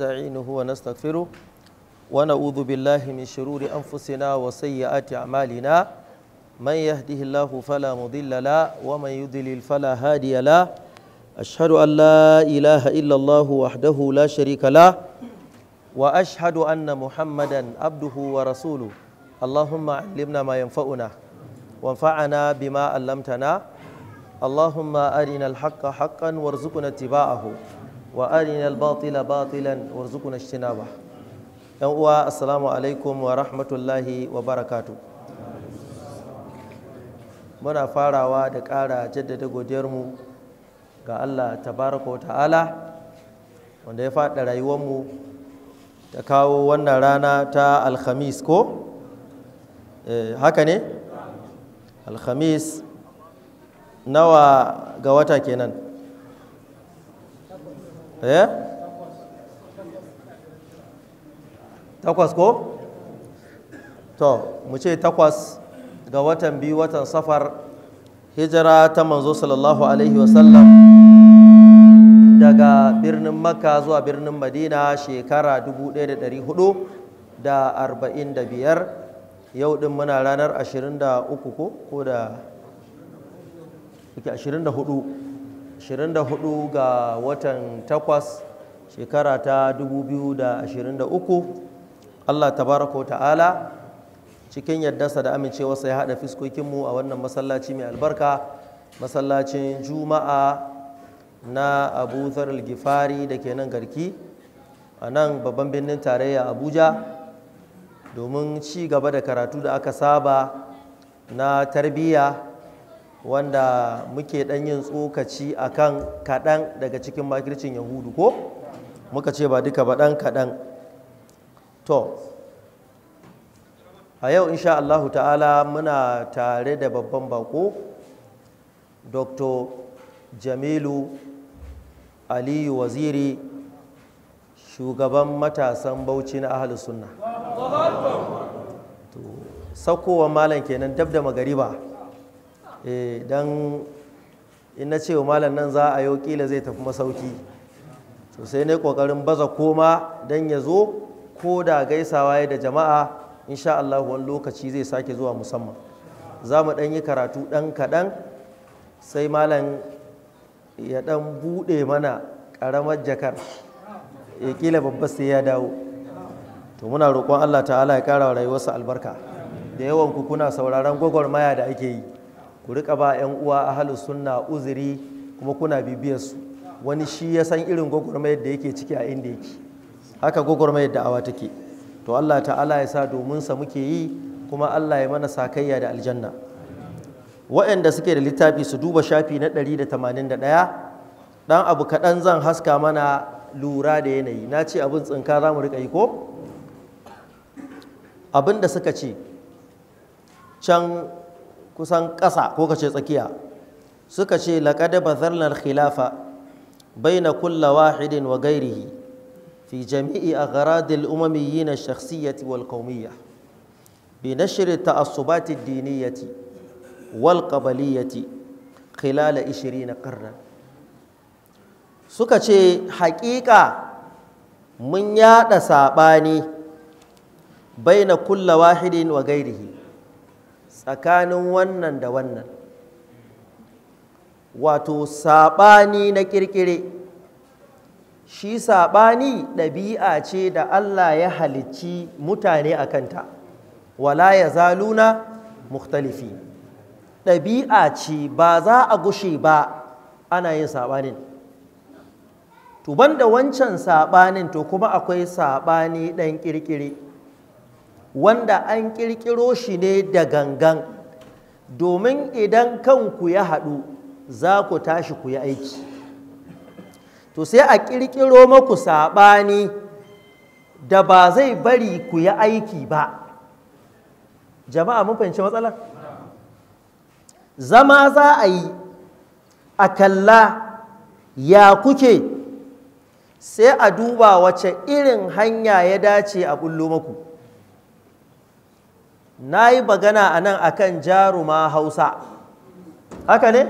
نستعينه ونستغفره ونعوذ بالله من شرور أنفسنا وسيئات أعمالنا من يهده الله فلا مضل له ومن يضلل فلا هادي له أشهد أن لا إله إلا الله وحده لا شريك له وأشهد أن محمدا عبده ورسوله اللهم علمنا ما ينفعنا وانفعنا بما علمتنا اللهم أرنا الحق حقا وارزقنا اتباعه wa arina batila batilan warzuqna ijtinaba yan uwa assalamu alaikum wa rahmatullahi wa barakatu muna farawa da ƙara jaddada godiyar mu ga Allah tabaraka wa ta'ala wanda ya faɗa mu ta kawo wannan rana ta alhamis ko eh, haka ne alhamis nawa ga wata kenan Eh? takwas ko to mu ce takwas ga watan biyu watan safar hijira ta manzo sallallahu alaihi wasallam daga birnin makka zuwa birnin madina shekara 1445 yau din muna ranar 23 ko ko da 24 24 ga watan 8 shekara ta 2023 Allah tabaraka wa ta'ala cikin yaddarsa da amincewarsa ya haɗa fiskokinmu a wannan masallaci mai albarka masallacin juma'a na abu zarar gifari da ke nan garki a nan babban birnin tarayya abuja domin ci gaba da karatu da aka saba na tarbiyya wanda muke ɗan yin tsokaci a kan kaɗan daga cikin makircin yahudu ko muka ce ba duka ba ɗan kaɗan to a yau insha Allahu ta'ala muna tare da babban bako dr jamilu aliyu waziri shugaban matasan bauchi na ahalus sunna sakowa malam kenan dab da magariba Eh, don in ce wa malam nan za a yau kila zai tafi masauki to sai ne kokarin baza koma don ya zo ko da gaisawa ya da jama'a insha Allah wani lokaci zai sake zuwa musamman za mu ɗan yi karatu ɗan kaɗan sai malam ya ɗan buɗe mana ƙaramar jakar ya eh, ƙila babba sai ya dawo to muna roƙon Allah ta'ala ya ƙara wa rayuwarsa albarka da yawan ku kuna sauraron gwagwarmaya da ake yi ku rika ba 'yan uwa a halin suna uzuri kuma kuna bibiyar su wani shi ya san irin gwagwarmayar da yake ciki a inda yake haka gwagwarmayar awa take to Allah ta'ala ya sa domin sa muke yi kuma Allah ya mana sa sakayya da aljanna waɗanda suke da littafi su duba shafi na 181 dan abu kaɗan zan haska mana lura da yanayi na ce abin tsinka za mu rika yi ko abin da suka ce can kusan ƙasa ko kace tsakiya suka ce laqad bazarna khilafa baina kulli wahidin wa ghairihi fi jami'i agharadil umamiyyin ash-shakhsiyyati wal qawmiyyah bi nashr at-ta'assubat ad-diniyyati wal qabaliyyati khilal 20 qarna suka ce haƙiƙa mun yaɗa saɓani baina kulla wahidin wa gairihi tsakanin wannan da wannan wato saɓani na ƙirƙire shi saɓani ɗabi'a ce da Allah ya halicci mutane a kanta wala ya zaluna muhtalifi ɗabi'a ce ba za a gushe ba ana yin saɓanin tuban da wancan saɓanin to kuma akwai saɓani ɗan ƙirƙire wanda an ƙirƙiro shi ne da gangan domin idan kanku ya haɗu za ku tashi ku yi aiki to sai a ƙirƙiro maku saɓani da ba zai bari ku yi aiki ba jama'a mun fahimci matsalar zama za a yi a kalla ya kuke sai a duba wace irin hanya ya dace a bullo maku na yi bagana a nan a kan jaruma hausa haka ne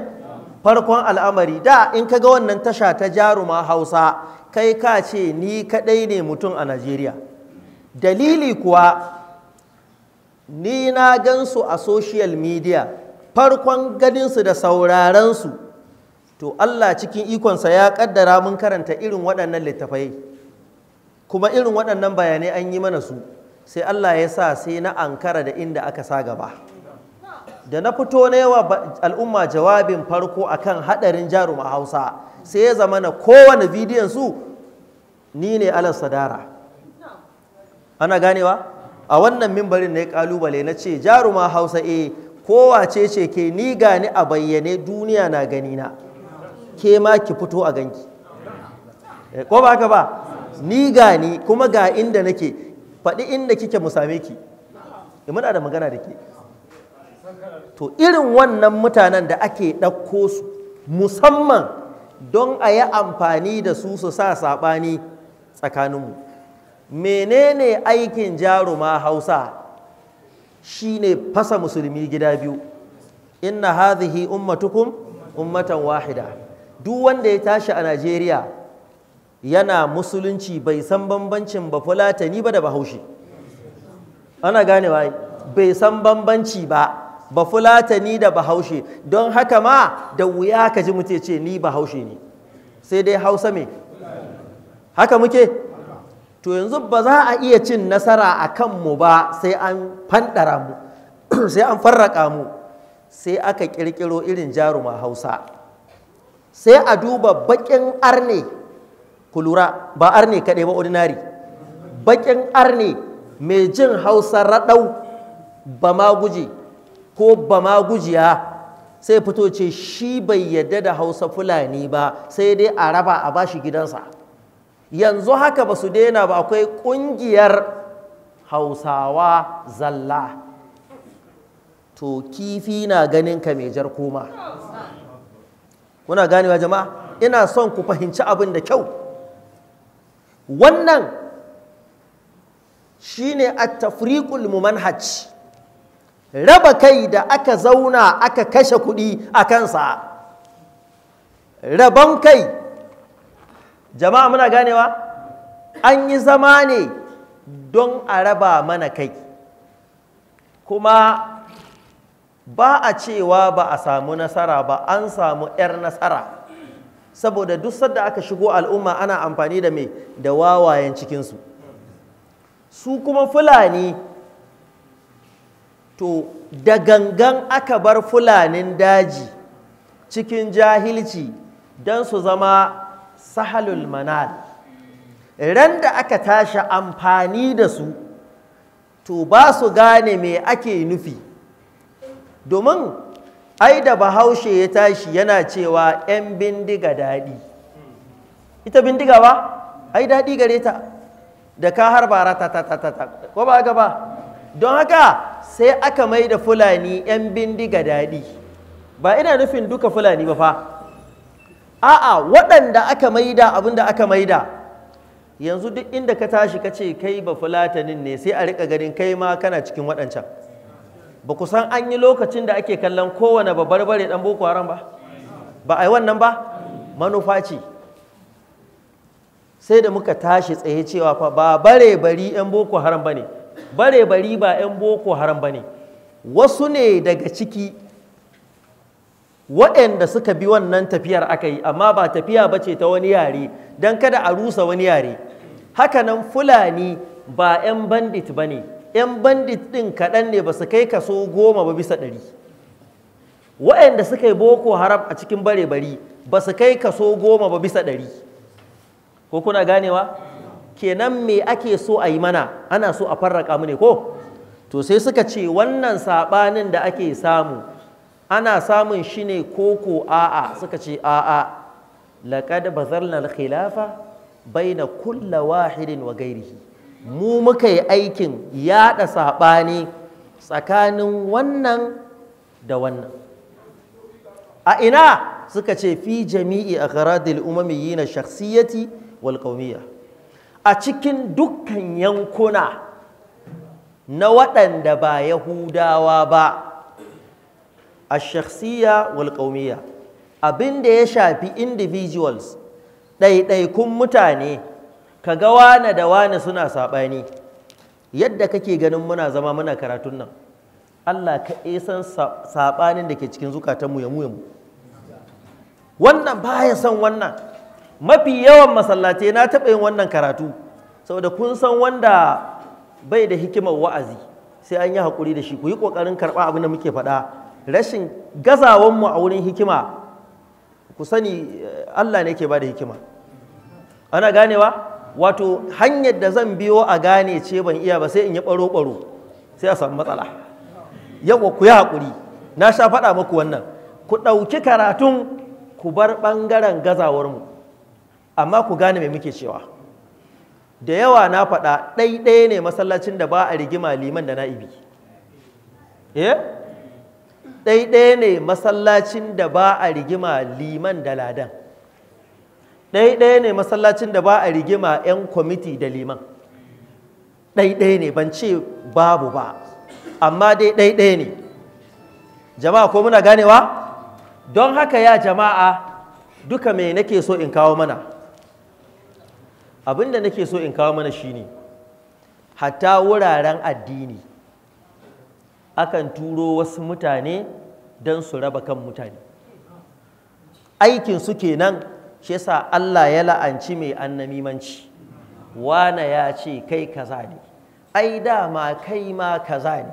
farkon al'amari da in ka ga wannan tasha ta jaruma hausa kai ka ce ni kaɗai ne mutum a najeriya dalili kuwa ni na gansu a social media farkon ganinsu da sauraransu to allah cikin ikonsa ya ƙaddara mun karanta irin waɗannan littafai kuma irin waɗannan bayanai an yi mana su sai Allah ya sa sai na ankara da inda aka sa gaba da na fito na wa al'umma jawabin farko akan hadarin jaruma hausa sai ya zama na kowane bidiyon su ni ne alas sadara ana ganewa a wannan mimbarin na ya kalubale na ce jaruma hausa e eh, kowace ce ke ni gani a bayyane duniya na gani na ke ma ki fito a ganki eh, ko ba ka ba ni gani kuma ga inda nake faɗi inda kike mu same ki eh, muna da magana da ke to irin wannan mutanen da ake ɗauko su musamman don a yi amfani da su su sa saɓani tsakaninmu menene aikin jaruma hausa Shi ne fasa musulmi gida biyu inna hadhihi ummatukum ummatan wahida duk wanda ya tashi a najeriya yana musulunci bai san bambancin ba fulatani ba da bahaushe ana gane bai san bambanci ba ba fulatani da bahaushe don haka ma da wuya ka ji mu ce ni bahaushe ne sai dai hausa me haka muke to yanzu ba za a iya cin nasara a kanmu ba sai an fandara mu sai an farraka mu sai aka ƙirƙiro irin jaruma hausa sai a duba baƙin arne Kulura lura ba arne kaɗai ba ordinary baƙin arne mai jin hausa raɗau ba ma guji ko ba ma gujiya sai fito ce shi bai yadda da hausa fulani ba sai dai a raba a bashi gidansa yanzu haka ba su daina ba akwai ƙungiyar hausawa zalla to kifi na ganin ka mai jar koma kuna ganewa jama'a ina son ku fahimci abin da kyau wannan shine at-tafriqul mumanhaj raba kai da aka zauna aka kashe kuɗi a kansa rabon kai jama'a muna ganewa an yi zama ne don a raba mana kai kuma ba a cewa ba a samu nasara ba an samu 'yar nasara saboda duk sadda aka shigo al'umma ana amfani da mai da wawayen cikinsu su kuma fulani to da gangan aka bar fulanin daji cikin jahilci don su zama sahalul manal ran da aka tashi amfani da su to ba su gane me ake nufi domin ai da bahaushe ya tashi yana cewa 'yan bindiga daɗi ita bindiga ba ai daɗi gare ta da ka harba rata ta ko ba haka ba don haka sai aka mai da fulani 'yan bindiga daɗi ba ina nufin duka fulani ba fa a'a waɗanda aka maida abin da aka maida yanzu duk inda ka tashi ka ce kai ba fulatanin ne sai a riƙa ganin kai ma kana cikin waɗancan ba ku san an yi lokacin da ake kallon kowane babbar bare dan boko haram ba ba a yi wannan ba manufa ce sai da muka tashi tsaye cewa fa ba bare bari yan boko haram ba ne bare bari ba yan boko haram ba ne wasu ne daga ciki waɗanda suka bi wannan tafiyar aka yi amma ba tafiya ba ce ta wani yare don kada a rusa wani yare hakanan fulani ba 'yan bandit ba ne 'yan bandit ɗin kaɗan ne ba su kai kaso goma ba bisa ɗari waɗanda suka yi boko haram a cikin bare-bari ba su kai kaso goma ba bisa ɗari ko kuna ganewa kenan me ake so a yi mana ana so a farraka mu ne ko to sai suka ce wannan saɓanin da ake samu ana samun shi ne koko a'a suka ce a'a laƙad bazarna khilafa baina kulla wahidin wa gairihi mu muka yi aikin yaɗa saɓani tsakanin wannan da wannan a ina suka ce fi jami'i a gharadil yi na shaksiyati wal a cikin dukkan yankuna na waɗanda ba yahudawa ba a shaksiya wal abin da ya shafi individuals ɗaiɗaikun mutane ka ga wane da wane suna saɓani yadda kake ganin muna zama muna karatun nan Allah ka san saɓanin da ke cikin zukatanmu ya mu wannan baya son wannan mafi yawan masallatai na taɓa yin wannan karatu saboda kun san wanda bai da hikimar wa'azi sai an yi haƙuri da shi ku yi ƙoƙarin karɓa abin da muke faɗa rashin gazawanmu a wurin hikima ku sani eh, Allah ne ke ba da hikima ana ganewa wato hanyar da zan biyo a gane ce ban iya ba sai in yi ɓaro-ɓaro sai a samu matsala Yau ku yi haƙuri na sha faɗa muku wannan ku ɗauki karatun ku bar ɓangaren gazawarmu amma ku gane mai muke cewa da yawa na faɗa ɗaiɗaya ne masallacin da ba a rigima liman da na'ibi eh? ɗaiɗaya ne masallacin da ba a rigima liman da ladan Ɗaiɗaya ne masallacin da ba a rigima 'yan kwamiti da liman ɗaya ne ban ce babu ba amma dai ɗaya ne jama'a ko muna ganewa don haka ya jama'a duka me nake so in kawo mana abinda nake so in kawo mana shine hatta wuraren addini akan turo wasu mutane don su raba kan mutane aikin su kenan shi yasa Allah ya la'anci mai annamimanci wana ya ce kai kaza ne ai dama kai ma kaza ne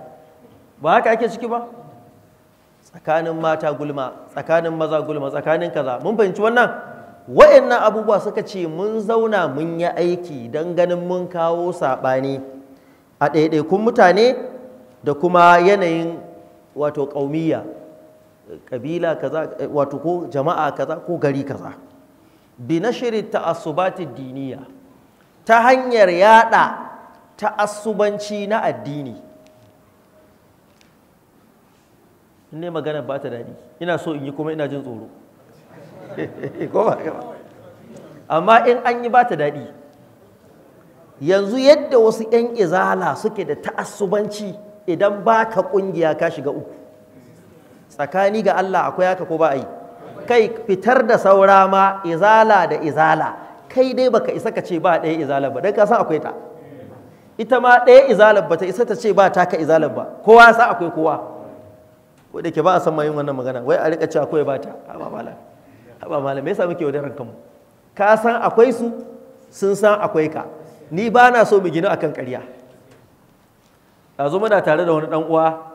ba haka ake ciki ba tsakanin mata gulma tsakanin maza gulma tsakanin kaza mun fahimci wannan wa'annan abubuwa suka ce mun zauna mun yi aiki don ganin mun kawo saɓani a ɗaiɗaikun mutane da kuma yanayin wato ƙaumiyya ƙabila kaza wato ko jama'a kaza ko gari kaza bi nashri ta'assubati diniya ta hanyar yada ta'assubanci na addini ne magana ba ta daɗi ina so in yi kuma ina jin tsoro amma in an yi ba ta daɗi yanzu yadda wasu 'yan izala suke da ta'assubanci idan ba ka ƙungiya ka shiga uku tsakani ga Allah akwai haka ko ba a yi kai fitar da saura ma izala da izala kai dai baka isa ka ce ba ɗaya izalar ba don ka san akwai ta ita ma ɗaya izalar ba ta isa ta ce ba ta ka izalar ba kowa sa akwai kowa ko da ke ba a san mayin wannan magana wai a rika cewa akwai ba ta haba malam haba malam me yasa muke wadaran ka san akwai su sun san akwai ka ni ba na so mu gina akan ƙarya yanzu muna tare da wani ɗan uwa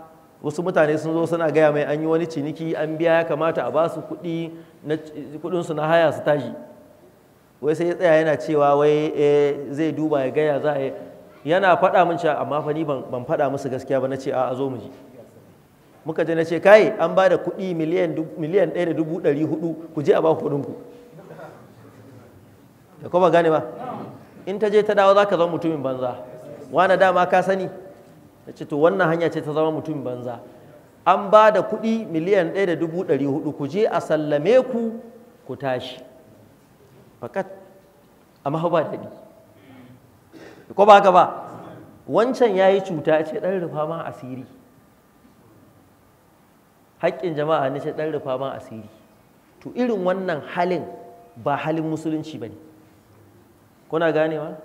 wasu mutane sun zo suna gaya mai an yi wani ciniki an biya ya kamata a basu kuɗi su na haya su tashi wai sai ya tsaya yana cewa wai eh, zai duba ya gaya za a yana faɗa min cewa amma fa ban faɗa musu gaskiya ba na ce a zo mu ji muka je na ce kai an ba da kuɗi miliyan ɗaya da dubu ɗari hudu ku je a ba ku da kuma gane ba in ta je ta dawo za ka zama mutumin banza wane dama ka sani ya ce to wannan hanya ce ta zama mutum banza an ba da kuɗi miliyan ɗaya da dubu ɗari hudu ku je a sallame ku ku tashi fakat amma ba daɗi ko ba haka ba wancan ya yi cuta ce ɗan rufa ma asiri haƙƙin jama'a ne ce ɗan rufa ma asiri to irin wannan halin ba halin musulunci ba ne kuna ganewa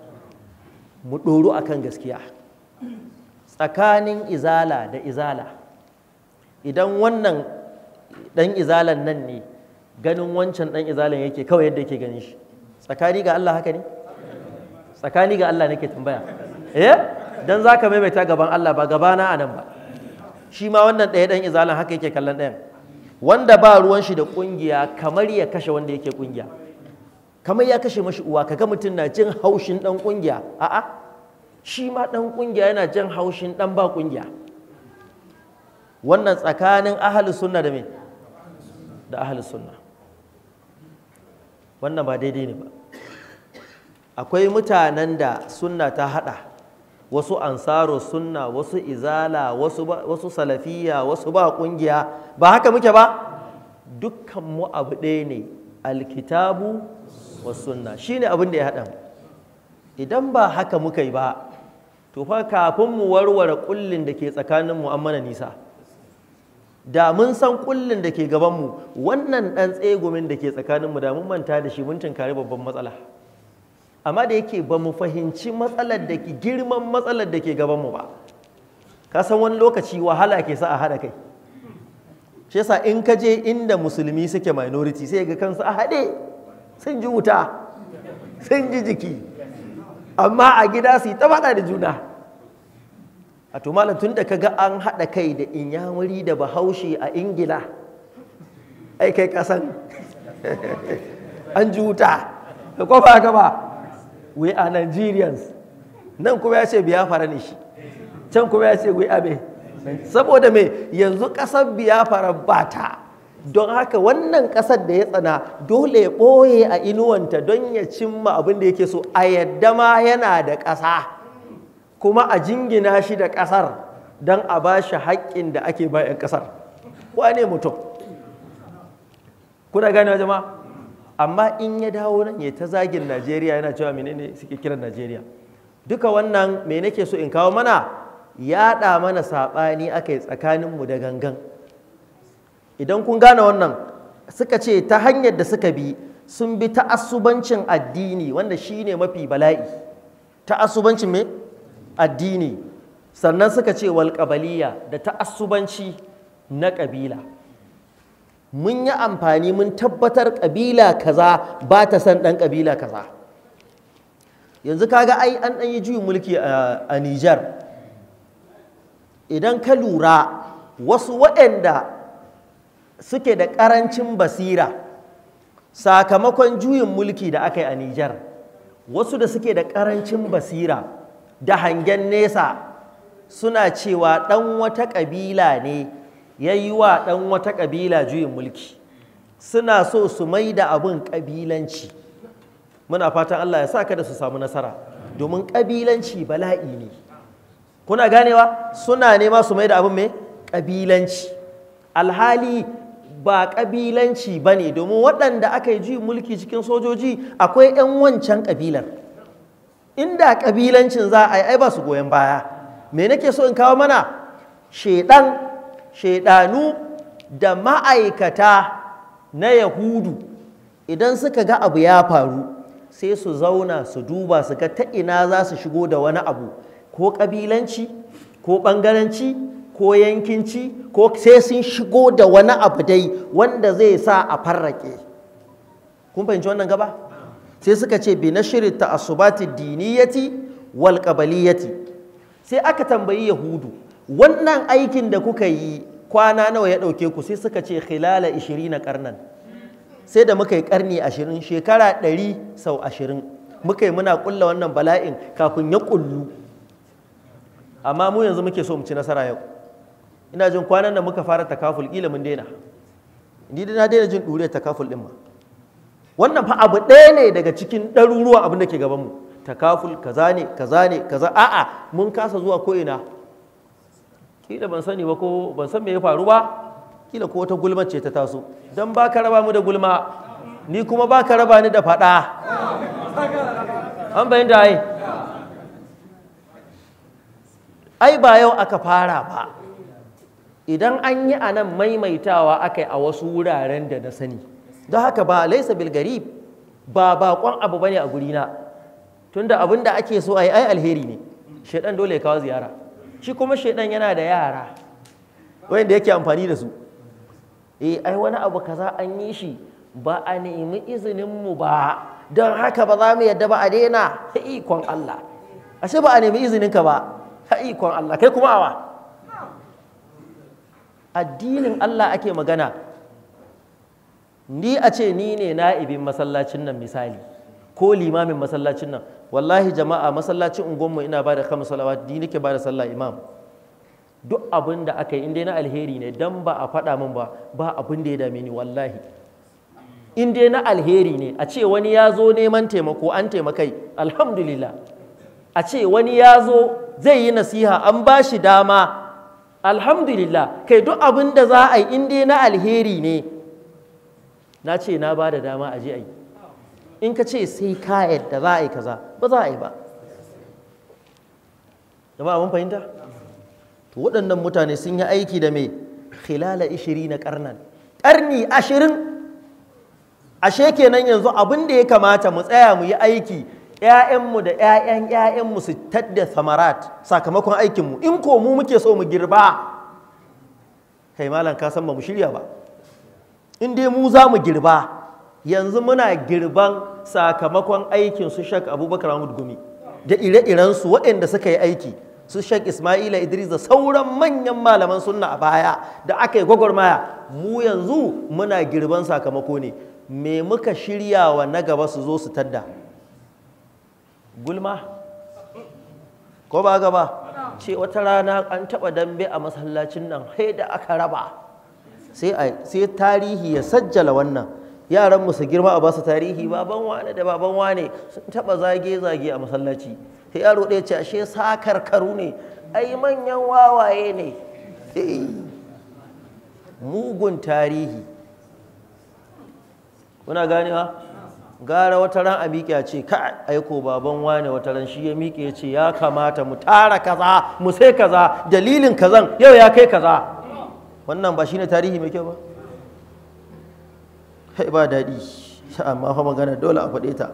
mu ɗoru kan gaskiya tsakanin izala da izala idan wannan ɗan izalan nan ne ganin wancan ɗan izalan yake kawai yadda yake ganin shi tsakani ga Allah haka ne tsakani ga Allah nake tambaya eh dan zaka maimaita gaban Allah ba gabana anan ba shi ma wannan ɗaya ɗan izalan haka yake kallon ɗayan wanda ba ruwan shi da kungiya kamar ya kashe wanda yake kungiya kamar ya kashe mashi uwa kaga mutum na jin haushin dan kungiya a'a shi ma ɗan ƙungiya yana jan haushin ɗan ba ƙungiya wannan tsakanin ahalus sunna da me da ahalus sunna wannan ba daidai ne ba akwai mutanen da sunna ta haɗa wasu ansaro sunna wasu izala wasu, wasu salafiya wasu ba ƙungiya ba haka muke ba dukkan mu abu ɗaya ne alkitabu wa sunna ne abin da ya haɗa idan ba haka muka yi ba to fa kafin mu warware kullin da ke tsakanin mu an mana nisa da mun san kullin da ke gaban mu wannan dan tsegumin da ke tsakanin mu da mun manta da shi mun tunkari babban matsala amma da yake ba mu fahimci matsalar da ke girman matsalar da ke gaban mu ba ka san wani lokaci wahala ke sa a haɗa kai shi yasa in ka je inda musulmi suke minority sai ga kansu a haɗe sun ji wuta sun ji jiki amma a gida su yi ta faɗa da juna a to malam tun da kaga an haɗa kai da inyamuri da bahaushe a ingila ai kai kasan an juta da kofa ka ba we a nigerians nan kuma ya ce fara ne shi can kuma ya ce we be saboda me yanzu ƙasar fara ba ta don haka wannan ƙasar da ya tsana dole ya ɓoye a inuwanta don ya cimma abin da yake so a yadda ma yana da ƙasa kuma a jingina shi da ƙasar don a ba shi haƙƙin da ake bayan ƙasar wane mutum kuna gane ma amma in ya dawo nan ya ta zagin najeriya yana cewa menene suke kiran najeriya duka wannan me nake so in kawo mana yaɗa mana saɓani aka yi tsakaninmu da gangan idan kun gane wannan suka ce ta hanyar da suka bi sun bi ta asubancin addini wanda shi ne mafi bala'i ta'assubancin me addini sannan suka ce walƙabaliya da ta asubanci na ƙabila mun yi amfani mun tabbatar ƙabila kaza ba ta san ɗan ƙabila kaza yanzu kaga ai an dan yi juyin mulki a nijar idan ka lura wasu waɗanda suke da ƙarancin basira sakamakon juyin mulki da aka yi a Nijar wasu da suke da ƙarancin basira da hangen nesa suna cewa ɗan wata ƙabila ne ya yi wa ɗan wata ƙabila juyin mulki suna so su mai da abin ƙabilanci muna fatan Allah ya sa ka da su samu nasara domin ƙabilanci bala'i ne kuna ganewa suna nema su mai da abin mai ƙabilanci alhali ba ƙabilanci ba ne domin waɗanda aka yi ji mulki cikin sojoji akwai 'yan wancan ƙabilar inda ƙabilancin za a yi ai ba su goyon baya me nake so in kawo mana shaidan shaidanu da ma'aikata na yahudu idan suka ga abu ya faru sai su zauna su duba su ga ta ina za su shigo da wani abu ko ƙabilanci ko ɓangaranci ko yankinci ko sai sun shigo da wani abu dai wanda zai sa a farrake kun fahimci wannan gaba sai suka ce bi na shirin ta'asubati diniyati wal qabaliyati sai aka tambayi yahudu wannan aikin da kuka yi kwana nawa ya ɗauke ku sai suka ce khilala 20 karnan sai da muka yi karni 20 shekara 100 sau 20 muka yi muna kulla wannan bala'in kafin ya kullu amma mu yanzu muke so mu ci nasara yau ina jin kwanan da muka fara takaful kila mun daina ni na daina jin dure takaful ɗin ma wannan fa abu ɗaya ne daga cikin ɗaruruwa abin da ke mu. takaful kaza ne kaza ne kaza a'a mun kasa zuwa ko ina kila ban sani ba ko ban san me ya faru ba kila ko wata gulma ce ta taso dan ba ka raba mu da gulma ni kuma ba ka raba ni da faɗa an bayin da ai ai ba yau aka fara ba idan an yi a nan maimaitawa aka yi a wasu wuraren da na sani don haka ba laisa bilgari, ba bakon abu bane a gurina tunda abin da ake so a yi alheri ne shaidan dole ya kawo ziyara shi kuma shaidan yana da yara wanda yake amfani da su eh ai wani abu kaza an yi shi ba a nemi izinin mu ba don haka ba za mu yadda ba a daina ikon Allah ashe ba a nemi izinin ka ba ikon Allah kai kuma awa addinin Allah ake magana ni a ce ni ne na'ibin masallacin nan misali ko limamin masallacin nan wallahi jama'a masallacin unguwanmu ina ba da kama salawa ni nake ba da sallah imam duk abin da aka yi in dai na alheri ne dan ba a faɗa min ba ba abin da ya dame ni wallahi in dai na alheri ne a ce wani ya zo neman taimako an taimakai alhamdulillah a ce wani ya zo zai yi nasiha an ba shi dama alhamdulillah kai duk abin da za a yi in dai na alheri ne na ce na ba da dama a ji a yi in ka ce sai ka yadda za a yi kaza ba za a yi ba jama'a mun fahimta to waɗannan mutane sun yi aiki da mai khilala ishiri na karnan ƙarni ashirin ashe kenan yanzu abin da ya kamata mu tsaya mu yi aiki ‘ya'yanmu da ‘ya'yan ‘ya'yanmu su tadda samarat sakamakon aikinmu in ko mu muke so mu girba kai malam ka san ba mu shirya ba in dai mu za mu girba yanzu muna girban sakamakon aikin su shak abubakar mahmud gumi da ire-irensu iren waɗanda suka yi aiki su shak ismaila idris da sauran manyan malaman sunna a baya da aka yi gwagwarmaya mu yanzu muna girban sakamako ne me muka shirya wa na gaba su zo su tadda gulma ko ba gaba ce wata rana an taɓa dambe a masallacin nan Sai da aka raba sai tarihi ya sajjala wannan yaran su girma a basu tarihi baban wane da baban wane sun taɓa zage-zage a masallaci sai yaro ɗaya ce ashe sakar karu ne ai manyan wawaye ne mugun tarihi kuna ganewa gara wata ran a miƙe ce ka aiko baban wane wata ran shi ya miƙe ya ce ya kamata mu tara kaza mu sai kaza dalilin kazan yau ya kai kaza wannan ba shine tarihi mai kyau ba kai ba daɗi amma fa magana dole a faɗe ta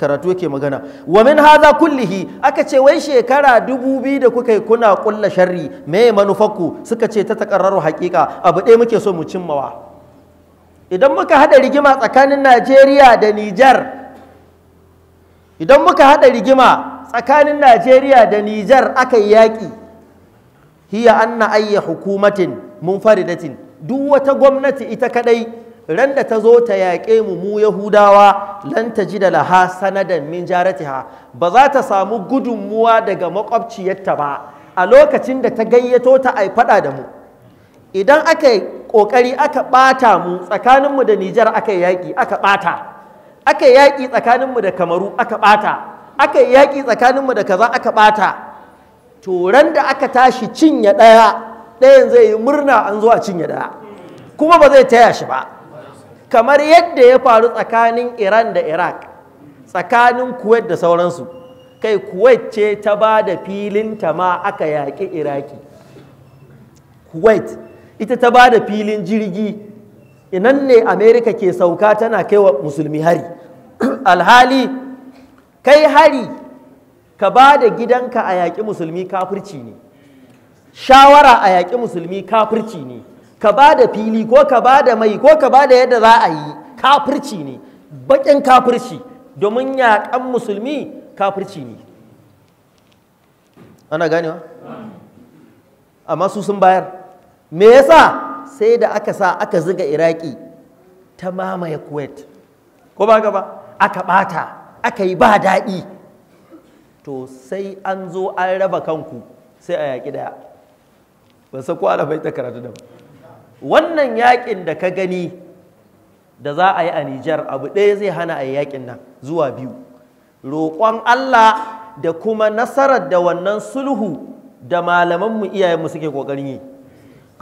karatu yake magana wa min hadha kullihi aka ce wai shekara dubu biyu da kuka yi kuna kulla sharri me manufarku suka ce ta takarraru haƙiƙa abu ɗaya muke so mu cimmawa idan muka haɗa rigima tsakanin najeriya da nijar idan muka haɗa rigima tsakanin najeriya da nijar aka yi yaƙi hiya anna ayya hukumatin munfaridatin duk wata gwamnati ita kadai ran da ta zo ta yaƙe mu mu yahudawa lan ta ji da laha sanadan min jaratiha ba za ta samu gudunmuwa daga maƙwabciyarta ba a lokacin da ta gayyato ta ai faɗa da mu idan aka yi ƙoƙari aka ɓata mu tsakaninmu da Nijar aka yaƙi aka ɓata aka yaƙi tsakaninmu da Kamaru aka ɓata aka yaƙi tsakaninmu da kaza aka ɓata turan da aka tashi cinye ɗaya ɗayan zai yi murna an zuwa cinye ɗaya kuma ba zai taya shi ba kamar yadda ya faru tsakanin Iran da Iraq tsakanin Kuwait da sauransu kai Kuwait ce ta ba da filin ta ma aka yaƙi Iraki Kuwait ita ta ba da filin jirgi inan ne amerika ke sauka tana kai wa musulmi hari alhali kai hari ka ba da gidanka a yaƙi musulmi kafirci ne shawara a yaƙi musulmi kafirci ne ka ba da fili ko ka ba da mai ko ka ba da yadda za a yi kafirci ne baƙin kafirci domin yaƙan musulmi kafirci ne ana ganewa amma su sun bayar me yasa sai da aka sa aka zuga iraki ta mamaye kuwait ko ba gaba aka bata aka yi ba daɗi to sai an zo an raba kanku sai a yaƙi daya ban san ko ana ta karatu da ba wannan yaƙin da ka gani da za a yi a Nijar abu ɗaya zai hana a yi yaƙin nan zuwa biyu roƙon Allah da kuma nasarar da wannan sulhu da malamanmu iyayenmu suke ƙoƙarin yi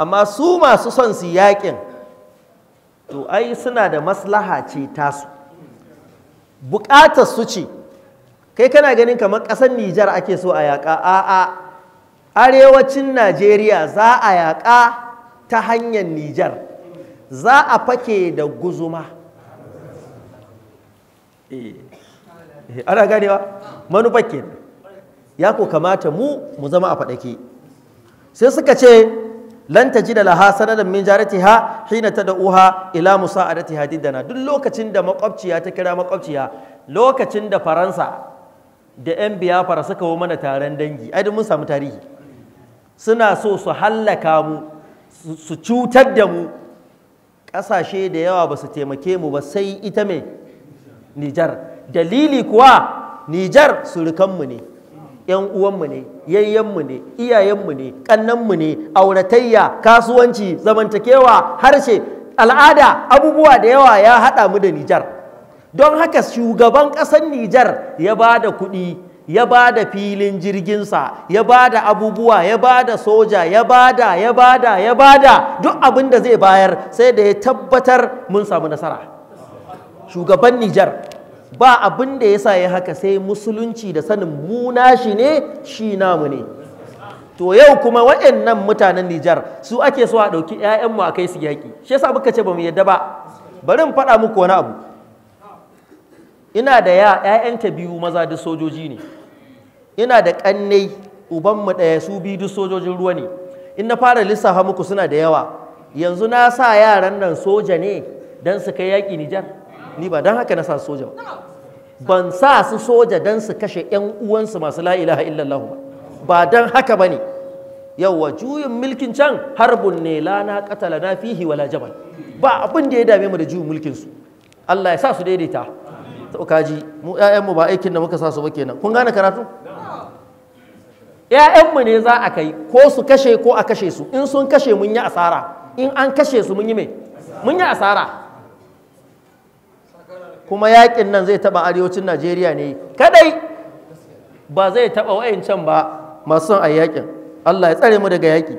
amma su masu son su yaƙin to ai suna da maslaha ce tasu buƙatar su ce kai kana ganin kamar ƙasar nijar ake so a yaƙa a'a arewacin najeriya za a yaƙa ta hanyar nijar za a fake da guzuma eh. Eh, ana ganewa manufar ya ku kamata mu mu zama a faɗake sai suka ce lan da laha sanadan min jaratiha hina tad'uha ila musa'adatiha diddana duk lokacin da makwabciya ta kira makwabciya lokacin da faransa da yan biyafara suka wo mana taron dangi ai mun samu tarihi suna so su hallaka mu su cutar da mu ƙasashe da yawa ba su taimake mu ba sai ita mai nijar dalili kuwa nijar surukanmu ne yan uwanmu ne yayyanmu ne iyayenmu ne mu ne auratayya kasuwanci zamantakewa harshe al'ada abubuwa da yawa ya haɗa mu da nijar don haka shugaban ƙasar nijar ya ba da kuɗi ya ba da filin jirginsa ya ba da abubuwa ya ba da soja ya ba da ya ba da ya ba da duk abin da zai bayar sai da ya tabbatar mun samu nasara shugaban nijar ba abin da sa ya haka sai musulunci da sanin mu shi ne shi namu ne to yau kuma waɗannan mutanen Nijar su ake so a ɗauki ‘ya'yanmu a kai su yaƙi shi yasa muka ce ba mu yadda ba bari in faɗa muku wani abu ina da ya ‘ya'yanta biyu maza duk sojoji ne ina da ƙannai ubanmu ɗaya su biyu duk sojojin ruwa ne in na fara lissafa muku suna da yawa yanzu na sa yaran nan soja ne don su kai yaƙi Nijar ni ba don haka na sa soja ba ban sa su soja don su kashe 'yan uwansu masu la ilaha illallah ba ba don haka ba ne yawa juyin mulkin can harbun ne lana katala na fihi wala jabal ba abin da ya dame mu da juyin mulkin su Allah ya sa su daidaita to kaji mu ƴaƴan mu ba aikin da muka sa su ba kenan kun gane karatu ƴaƴan mu ne za a kai ko su kashe ko a kashe su in sun kashe mun yi asara in an kashe su mun yi me mun yi asara kuma yakin nan zai taba arewacin Najeriya ne kadai ba zai taba waancan ba masu son ayi yakin Allah ya tsare mu daga yaki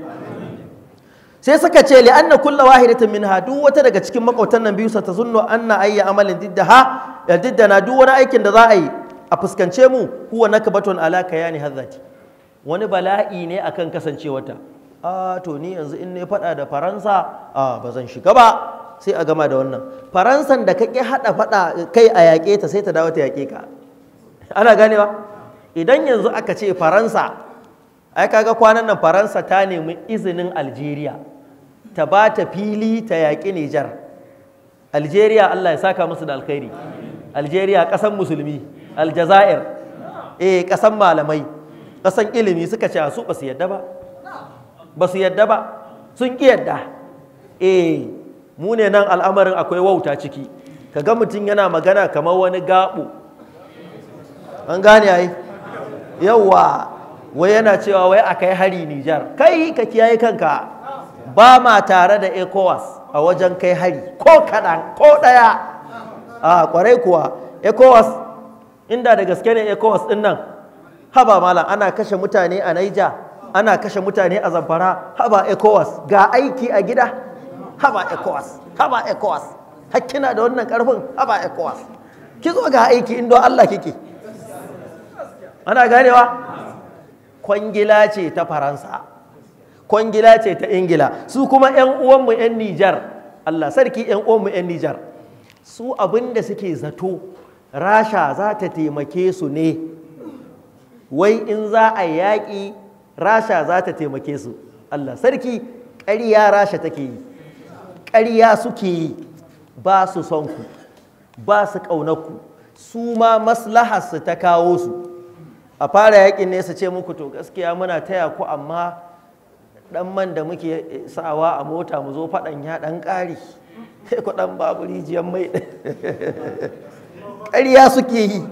sai suka ce li anna kullu wahidatin minha duk wata daga cikin makautan nan biyu sa ta zunno anna ayya amalin diddaha ya diddana duk wani aikin da za a yi a fuskance mu huwa nakabatun ala kayani hazati wani bala'i ne akan kasancewarta a ah, to ni yanzu in ne faɗa da faransa a ah, ba zan shiga ba sai a gama da wannan faransan da ka hada haɗa faɗa kai a yaƙe ta sai ta dawo ta yaƙe ka ana ganewa idan yanzu aka ce faransa ai kaga kwanan nan faransa ta nemi izinin algeria ta ba ta fili ta yaƙi nijar algeria allah ya saka musu da alkhairi algeria ƙasan musulmi aljazair eh ƙasan malamai ƙasan ilimi suka ce su ba su yadda ba ba su yadda ba sun ƙi yadda eh mu ne nan al'amarin akwai wauta ciki Ka ga mutum yana magana kamar wani gaɓo an gane yi yauwa wai yana cewa wai a kai hari nijar kai ka kiyaye kanka ba ma tare da ecowas a wajen kai hari ko kaɗan ko ɗaya a kwarai kuwa ecowas inda da gaske ne ecowas ɗin nan haba malam ana kashe mutane a naija ana kashe mutane a zamfara haba ecowas ga aiki a gida haba ecowas haba ecowas hakkina da wannan karfin haba ecowas ki zo ga aiki indo Allah kike ana ganewa kwangila ce ta faransa kwangila ce ta ingila su kuma yan uwanmu yan nijar Allah sarki yan uwanmu yan nijar su abinda suke zato rasha za ta taimake su ne wai in za a yaƙi rasha za ta taimake su Allah sarki ƙariya rasha take yi ƙarya suke yi ba su son ku ba su ƙaunarku su ma maslaharsu ta kawo su a fara yakin ne su ce muku to gaskiya muna taya ku amma ɗan man da muke sawa a mota mu zo faɗan ya ɗan ƙari ku ɗan babu rijiyar mai ƙarya suke yi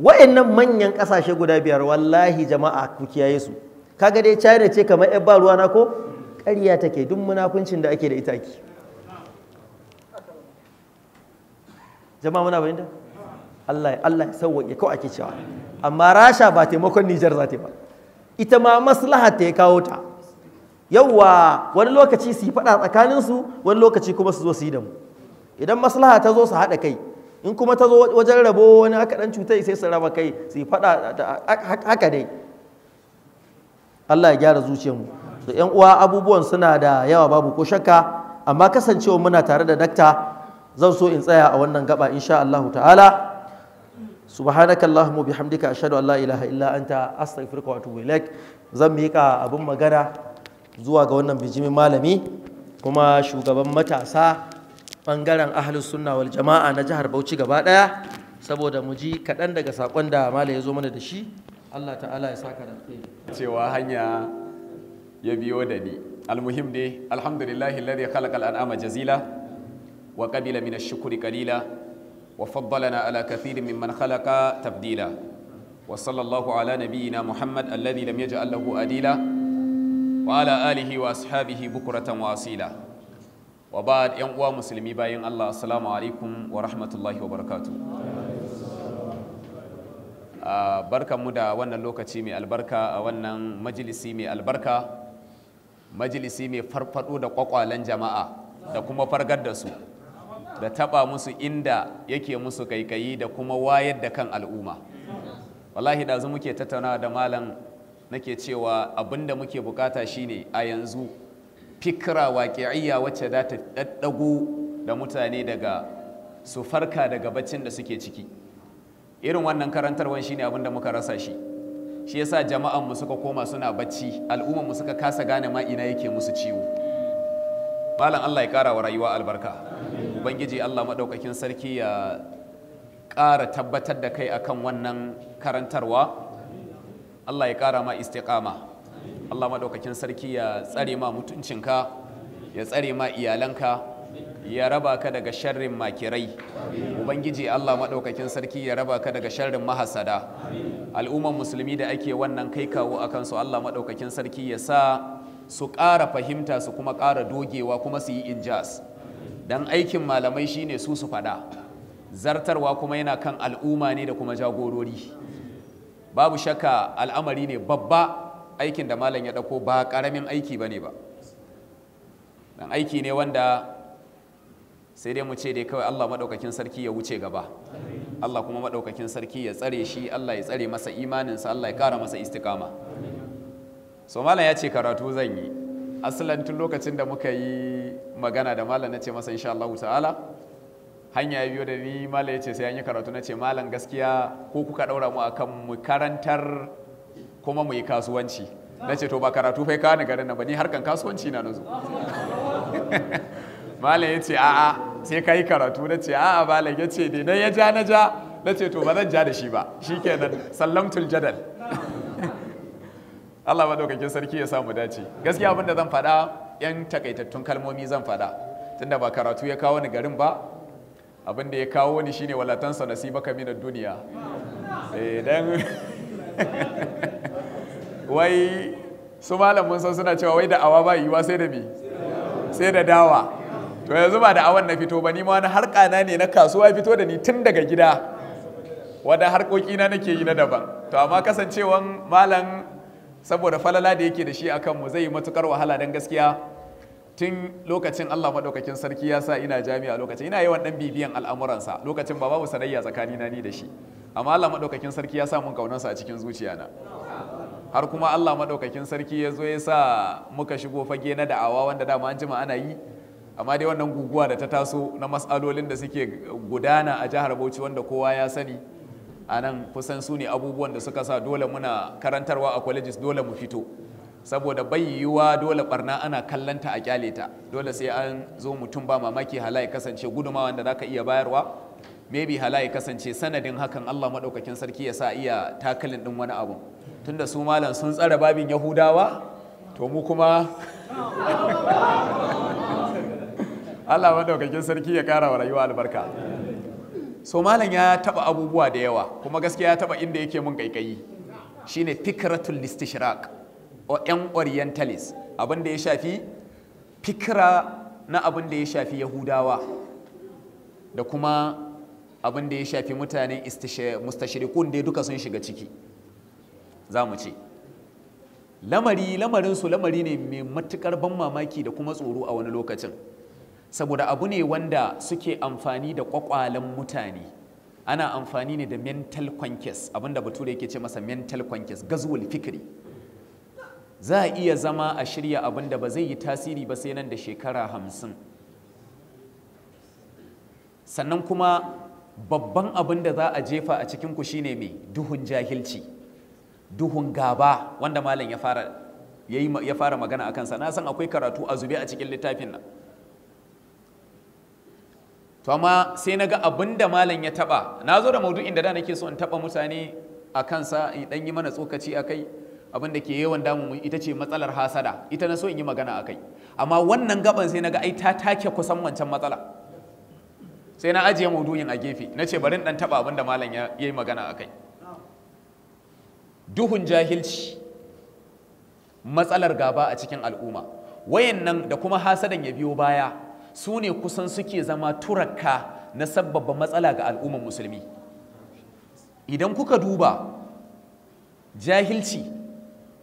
wa'annan manyan ƙasashe guda biyar wallahi jama'a ku kiyaye su kaga dai china ce kamar 'yan ba ruwa na ko ƙarya take duk munafuncin da ake da ita ke jama'a muna bayyana Allah Allah ya ya kawai ake cewa amma rasha ba taimakon Nijar za ta ba ita ma maslaha ta ya kawo ta yawwa wani lokaci su yi faɗa tsakaninsu wani lokaci kuma su zo su yi da mu idan maslaha ta zo su haɗa kai in kuma ta zo wajen rabo wani haka ɗan cutai sai su raba kai su yi faɗa haka dai Allah ya gyara mu da 'yan uwa abubuwan suna da yawa babu ko shakka amma kasancewa muna tare da dakta zan so in tsaya a wannan gaba insha Allah ta'ala subhanaka allahumma bihamdika ashhadu an la ilaha illa anta astaghfiruka wa atubu ilaik zan mika abin magana zuwa ga wannan bijimin malami kuma shugaban matasa bangaren ahlus sunna wal jama'a na jihar Bauchi gaba ɗaya. saboda mu ji kaɗan daga sakon da malai ya zo mana da shi Allah ta'ala ya saka da cewa hanya ya biyo da ni almuhim dai alhamdulillahi alladhi khalaqa al'ama jazila وقبل من الشكر قليلا وفضلنا على كثير ممن خلق تبديلا وصلى الله على نبينا محمد الذي لم يجعل له أديلا وعلى آله وأصحابه بكرة وأصيلا وبعد ينقوى مسلمي باين الله السلام عليكم ورحمة الله وبركاته barkan mu da wannan lokaci mai albarka a wannan majalisi mai albarka majalisi mai farfado da kwakwalen jama'a da kuma fargar da su da taba musu inda yake musu kaikayi da kuma wayar da kan al'umma wallahi da muke tattaunawa da malam nake cewa abinda muke bukata shine a yanzu fikra waƙi'iyya wacce za ta daddago da mutane daga su farka daga baccin da suke ciki irin wannan karantarwan shine abinda muka rasa shi shi yasa jama'an mu suka koma suna bacci al'umman mu suka kasa gane ma ina yake musu ciwo malam Allah ya kara wa rayuwa albarka ubangiji allah maɗaukakin sarki ya ƙara tabbatar da kai akan wannan karantarwa allah ya ƙara ma istiƙama allah maɗaukakin sarki ya tsare ma mutuncinka ya tsare ma iyalanka ya raba ka daga sharrin makirai ubangiji allah maɗaukakin sarki ya raba ka daga sharrin mahasada al'umman musulmi da ake wannan kai kawo a kansu allah maɗaukakin sarki ya sa su ƙara fahimta su kuma ƙara dogewa kuma su yi injas dan aikin malamai shine su su fada zartarwa kuma yana kan al'umma ne da kuma jagorori babu shaka al'amari ne babba aikin da malam ya dauko ba karamin aiki bane ba dan aiki ne wanda sai dai mu ce dai kawai Allah madaukakin sarki ya wuce gaba Allah kuma madaukakin sarki ya tsare shi Allah ya tsare masa sa Allah ya kara masa istiqama so malam ya ce karatu zan yi asalan tun lokacin da muka yi magana da malam na ce masa insha Allah ta'ala hanya ya biyo da ni malam ya ce sai an yi karatu na ce malam gaskiya ko kuka daura mu akan mu karantar kuma mu yi kasuwanci na ce to ba karatu fai ka ni garin nan ba ni harkan kasuwanci na nazo malam ya ce a'a sai kai karatu na ce a'a malam ya ce dai na ya ja na ja na ce to ba zan ja da shi ba shikenan sallamtul jadal Allah madaukakin sarki ya samu dace gaskiya abin da zan faɗa yan takaitattun kalmomi zan faɗa tunda ba karatu ya kawo ni garin ba abin da ya kawo ni shine walatan sa nasibaka min duniya eh dan wai su malamin san suna cewa wai da awa ba yiwa sai da me sai da dawa to yanzu ba da awan na fito ba ni ma wani harka na ne na kasuwa fito da ni tun daga gida wadda harkoki na nake yi na daban to amma kasancewan malam saboda falala da yake da shi a kanmu zai yi matukar wahala don gaskiya tun lokacin Allah maɗaukakin sarki ya sa ina jami'a lokacin ina yawan ɗan bibiyan al'amuransa lokacin ba babu sanayya tsakanina ni da shi amma Allah maɗaukakin sarki ya sa mun kaunansa a cikin zuciya na har kuma Allah maɗaukakin sarki ya zo ya sa muka shigo fage na da'awa wanda dama an jima ana yi amma dai wannan guguwa da ta taso na matsalolin da suke gudana a jihar Bauchi wanda kowa ya sani a nan kusan su ne abubuwan da suka sa dole muna karantarwa a colleges dole mu fito saboda bai yiwuwa dole barna ana kallanta a kyale ta dole sai an zo mutum ba mamaki hala ya kasance gudumawa da zaka iya bayarwa maybe hala kasance sanadin hakan Allah madaukakin sarki ya sa iya takalin din wani abu tunda su malam sun tsara babin yahudawa to mu kuma Allah madaukakin sarki ya kara wa rayuwa albarka so malam ya taba abubuwa da yawa kuma gaskiya ya taba inda yake mun kaikayi shine fikratul listishraq o yan orientalist abin da ya shafi fikra na abin da ya shafi yahudawa da kuma abin da ya shafi mutanen mustashirikun ya duka sun shiga ciki za mu ce lamari lamarinsu lamari ne mai matukar ban mamaki da kuma tsoro a wani lokacin saboda abu ne wanda suke amfani da kwakwalen mutane ana amfani ne da mental conquest abinda bature yake ce masa mental conquest gazuwal fikri, za a iya zama a shirya abin ba zai yi tasiri ba sai nan da shekara hamsin sannan kuma babban abin da za a jefa a cikinku shine mai duhun jahilci duhun gaba wanda malam ya fara magana a kansa na san akwai karatu a zube a cikin littafin nan to amma sai na ga abin da malam ya taɓa na zo da maudu'in da da nake so in taɓa mutane a kansa in ɗan yi mana tsokaci a kai abin ke yawan damu ita ce matsalar hasada ita na so in yi magana a kai amma wannan gaban sai naga ga ai ta take kusan wancan matsala sai na ajiye maudu'in a gefe na ce bari ɗan taɓa abin da malam ya yi magana a kai duhun jahilci matsalar gaba a cikin al'umma wayannan da kuma hasadan ya biyo baya su ne kusan suke zama turaka na sabbaba matsala ga al'ummar musulmi idan kuka duba jahilci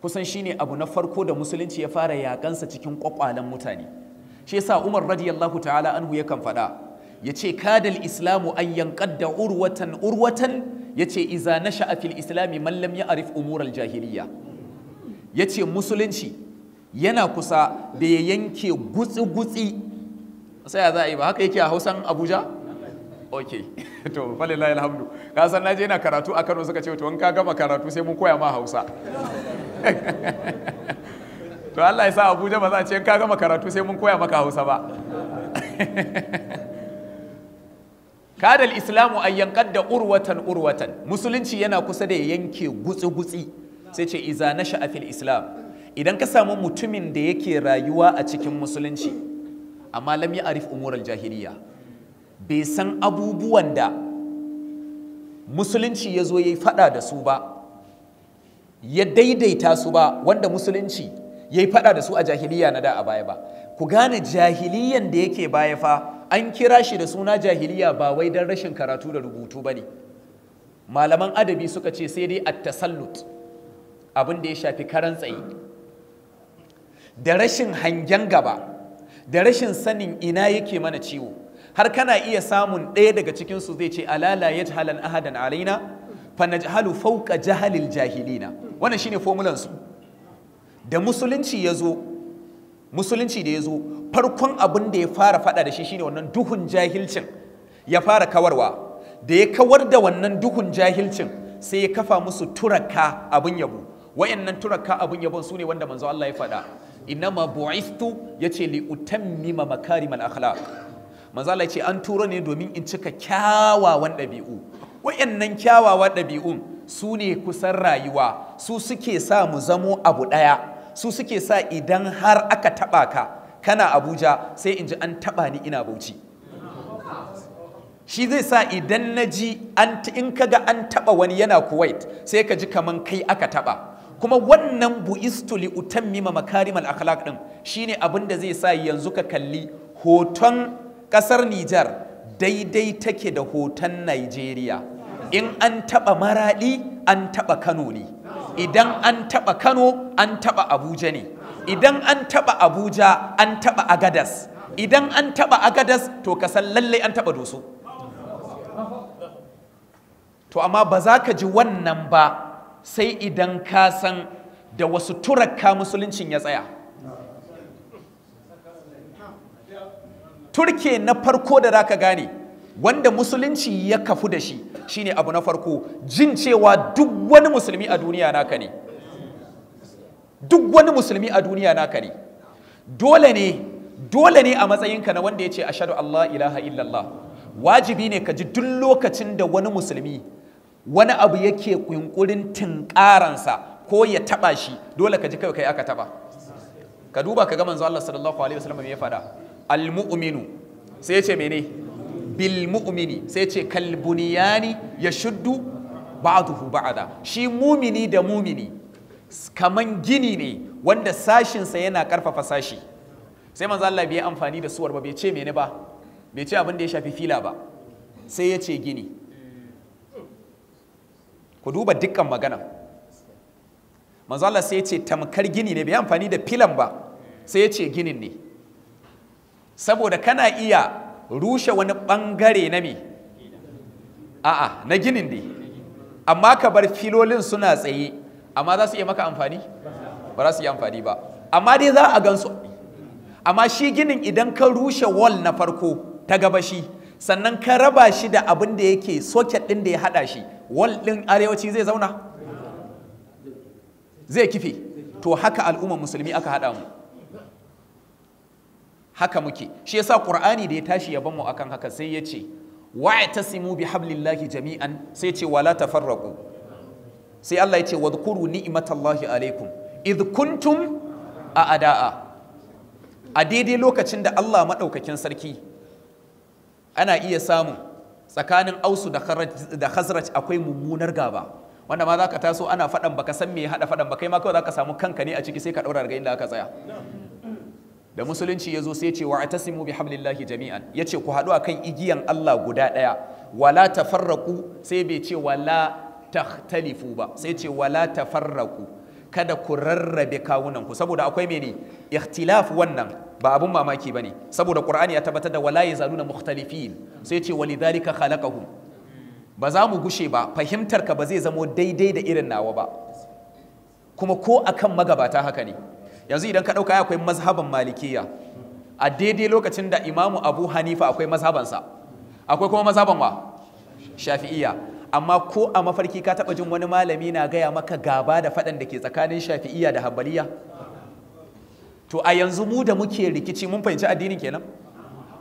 kusan shine abu na farko da musulunci ya fara yakansa cikin kwakwalen mutane shi yasa umar radiyallahu ta'ala anhu yakan faɗa ya ce kadal islamu an yankadda urwatan urwatan ya ce iza na sha'afil islami mallam ya arif umural jahiliya ya ce musulunci yana kusa da ya yanke gutsi-gutsi sai za a yi ba haka yake a hausan abuja ok to falilahi alhamdu ka san naje yana karatu a kano suka ce to in ka gama karatu sai mun koya ma hausa to allah ya sa abuja ba za a ce in ka gama karatu sai mun koya maka hausa ba kada islamu an yankar da urwatan urwatan musulunci yana kusa da yanke gutsi-gutsi sai ce iza na sha'afil islam idan ka samu mutumin da yake rayuwa a cikin musulunci amma lam ya'rif umurar jahiliya bai san abubuwan da musulunci ya zo ya yi fada da su ba ya daidaita su ba wanda musulunci ya yi fada da su a jahiliya na da a baya ba ku gane jahiliyan da yake baya fa an kira shi da suna jahiliya ba wai don rashin karatu da rubutu ba ne malaman adabi suka ce sai dai a tasallut abin da ya shafi karan tsaye da rashin hangen gaba da rashin sanin ina yake mana ciwo har kana iya samun ɗaya daga cikin su zai ce alala ya jahalan ahadan alaina fa jihalu fauka jahalil jahilina wannan shine formulan su da musulunci ya zo musulunci da ya zo farkon abin da ya fara faɗa da shi shine wannan duhun jahilcin ya fara kawarwa da ya kawar da wannan duhun jahilcin sai ya kafa musu turaka abin yabo wayannan turaka abin yabon su ne wanda manzo Allah ya faɗa innama bu'ithu yace li utammima makarimal akhlaq manzo Allah yace an turo ne domin in cika kyawawan ɗabi'u wayannan kyawawan dabi'un su ne kusan rayuwa su suke sa mu zamo abu ɗaya su suke sa idan har aka taɓa ka kana abuja sai in ji an taɓa ni ina bauchi shi zai sa idan naji ji in kaga an taɓa wani yana kuwait sai ka ji kaman kai aka taɓa kuma wannan bu'istu li utammima makarimal akhlaq din shine abin da zai sa yanzu ka kalli hoton kasar Nijar daidai take da hoton Najeriya in an taba maradi an taba Kano ne idan an taba Kano an taba Abuja ne idan an taba Abuja an taba Agadas idan an taba Agadas to ka san lalle an taba Doso to amma ba za ka ji wannan ba sai idan ka san da wasu turaka musuluncin ya tsaya turke na farko da za ka gane wanda musulunci ya kafu da shi shine abu na farko jin cewa duk wani musulmi a duniya naka ne duk wani musulmi a duniya naka ne dole ne dole ne a matsayinka na wanda ya ce ashadu Allah ilaha illallah wajibi ne ka ji duk lokacin da wani musulmi wani abu yake yunkurin tinkaransa ko ya taɓa shi dole ka ji kai kai aka taba ka duba ka ga manzo Allah sallallahu alaihi wasallam ya fada al mu'minu sai ya ce mene bil mu'mini sai ya ce kal bunyani yashuddu ba'dahu ba'da shi mumini da mumini kaman gini ne wanda sashinsa yana karfafa sashi sai manzo Allah bai amfani da suwar ba bai ce mene ba bai ce abin da ya shafi fila ba sai ya ce gini ku duba dukkan magana manzo Allah sai ya ce tamkar gini ne bai amfani da filan ba sai ya ce ginin ne saboda kana iya rushe wani bangare na me a'a na ginin ne amma ka bar filolin suna tsaye amma za su iya maka amfani ba za su iya amfani ba amma dai za a gansu amma shi ginin idan ka rushe wall na farko ta gabashi sannan ka raba shi da abin da yake socket ɗin da ya haɗa shi wal ɗin arewaci zai zauna zai kife to haka al'ummar musulmi aka haɗa mu haka muke shi yasa qur'ani da ya tashi yaban mu akan haka sai ya ce wa'tasimu bi hablillahi jami'an sai ya ce wala tafarraqu sai Allah ya ce wadhkuru ni'matallahi alaikum id kuntum a ada'a a daidai lokacin da Allah madaukakin sarki ana iya samun tsakanin ausu da khazraj akwai mummunar gaba wanda ma za ka taso ana faɗan baka san me haɗa faɗan ba kai ma kawai za ka samu kanka ne a ciki sai ka ɗaura daga inda aka tsaya da musulunci ya zo sai ce wa atasimu bi hablillahi jami'an ya ce ku haɗu akan igiyan Allah guda ɗaya wala tafarraku sai bai ce wala tahtalifu ba sai ce wala tafarraku kada ku rarrabe kawunanku. saboda akwai mene ikhtilaf wannan ba abun mamaki ne. saboda Ƙur'ani ya tabbatar da wala yazaluna mukhtalifin sai ya wali walidhalika khalaqahum ba za mu gushe ba fahimtar ka ba zai zamo daidai da irin nawa ba kuma ko akan magabata haka ne yanzu idan ka dauka akwai mazhaban malikiya a daidai lokacin da imamu abu hanifa akwai sa. akwai kuma mazhaban wa shafi'iyya amma ko a mafarki ka taba jin wani malami na gaya maka gaba da faɗan da ke tsakanin shafi'iyya da habbaliya to a yanzu mu da muke rikici mun fahimci addinin kenan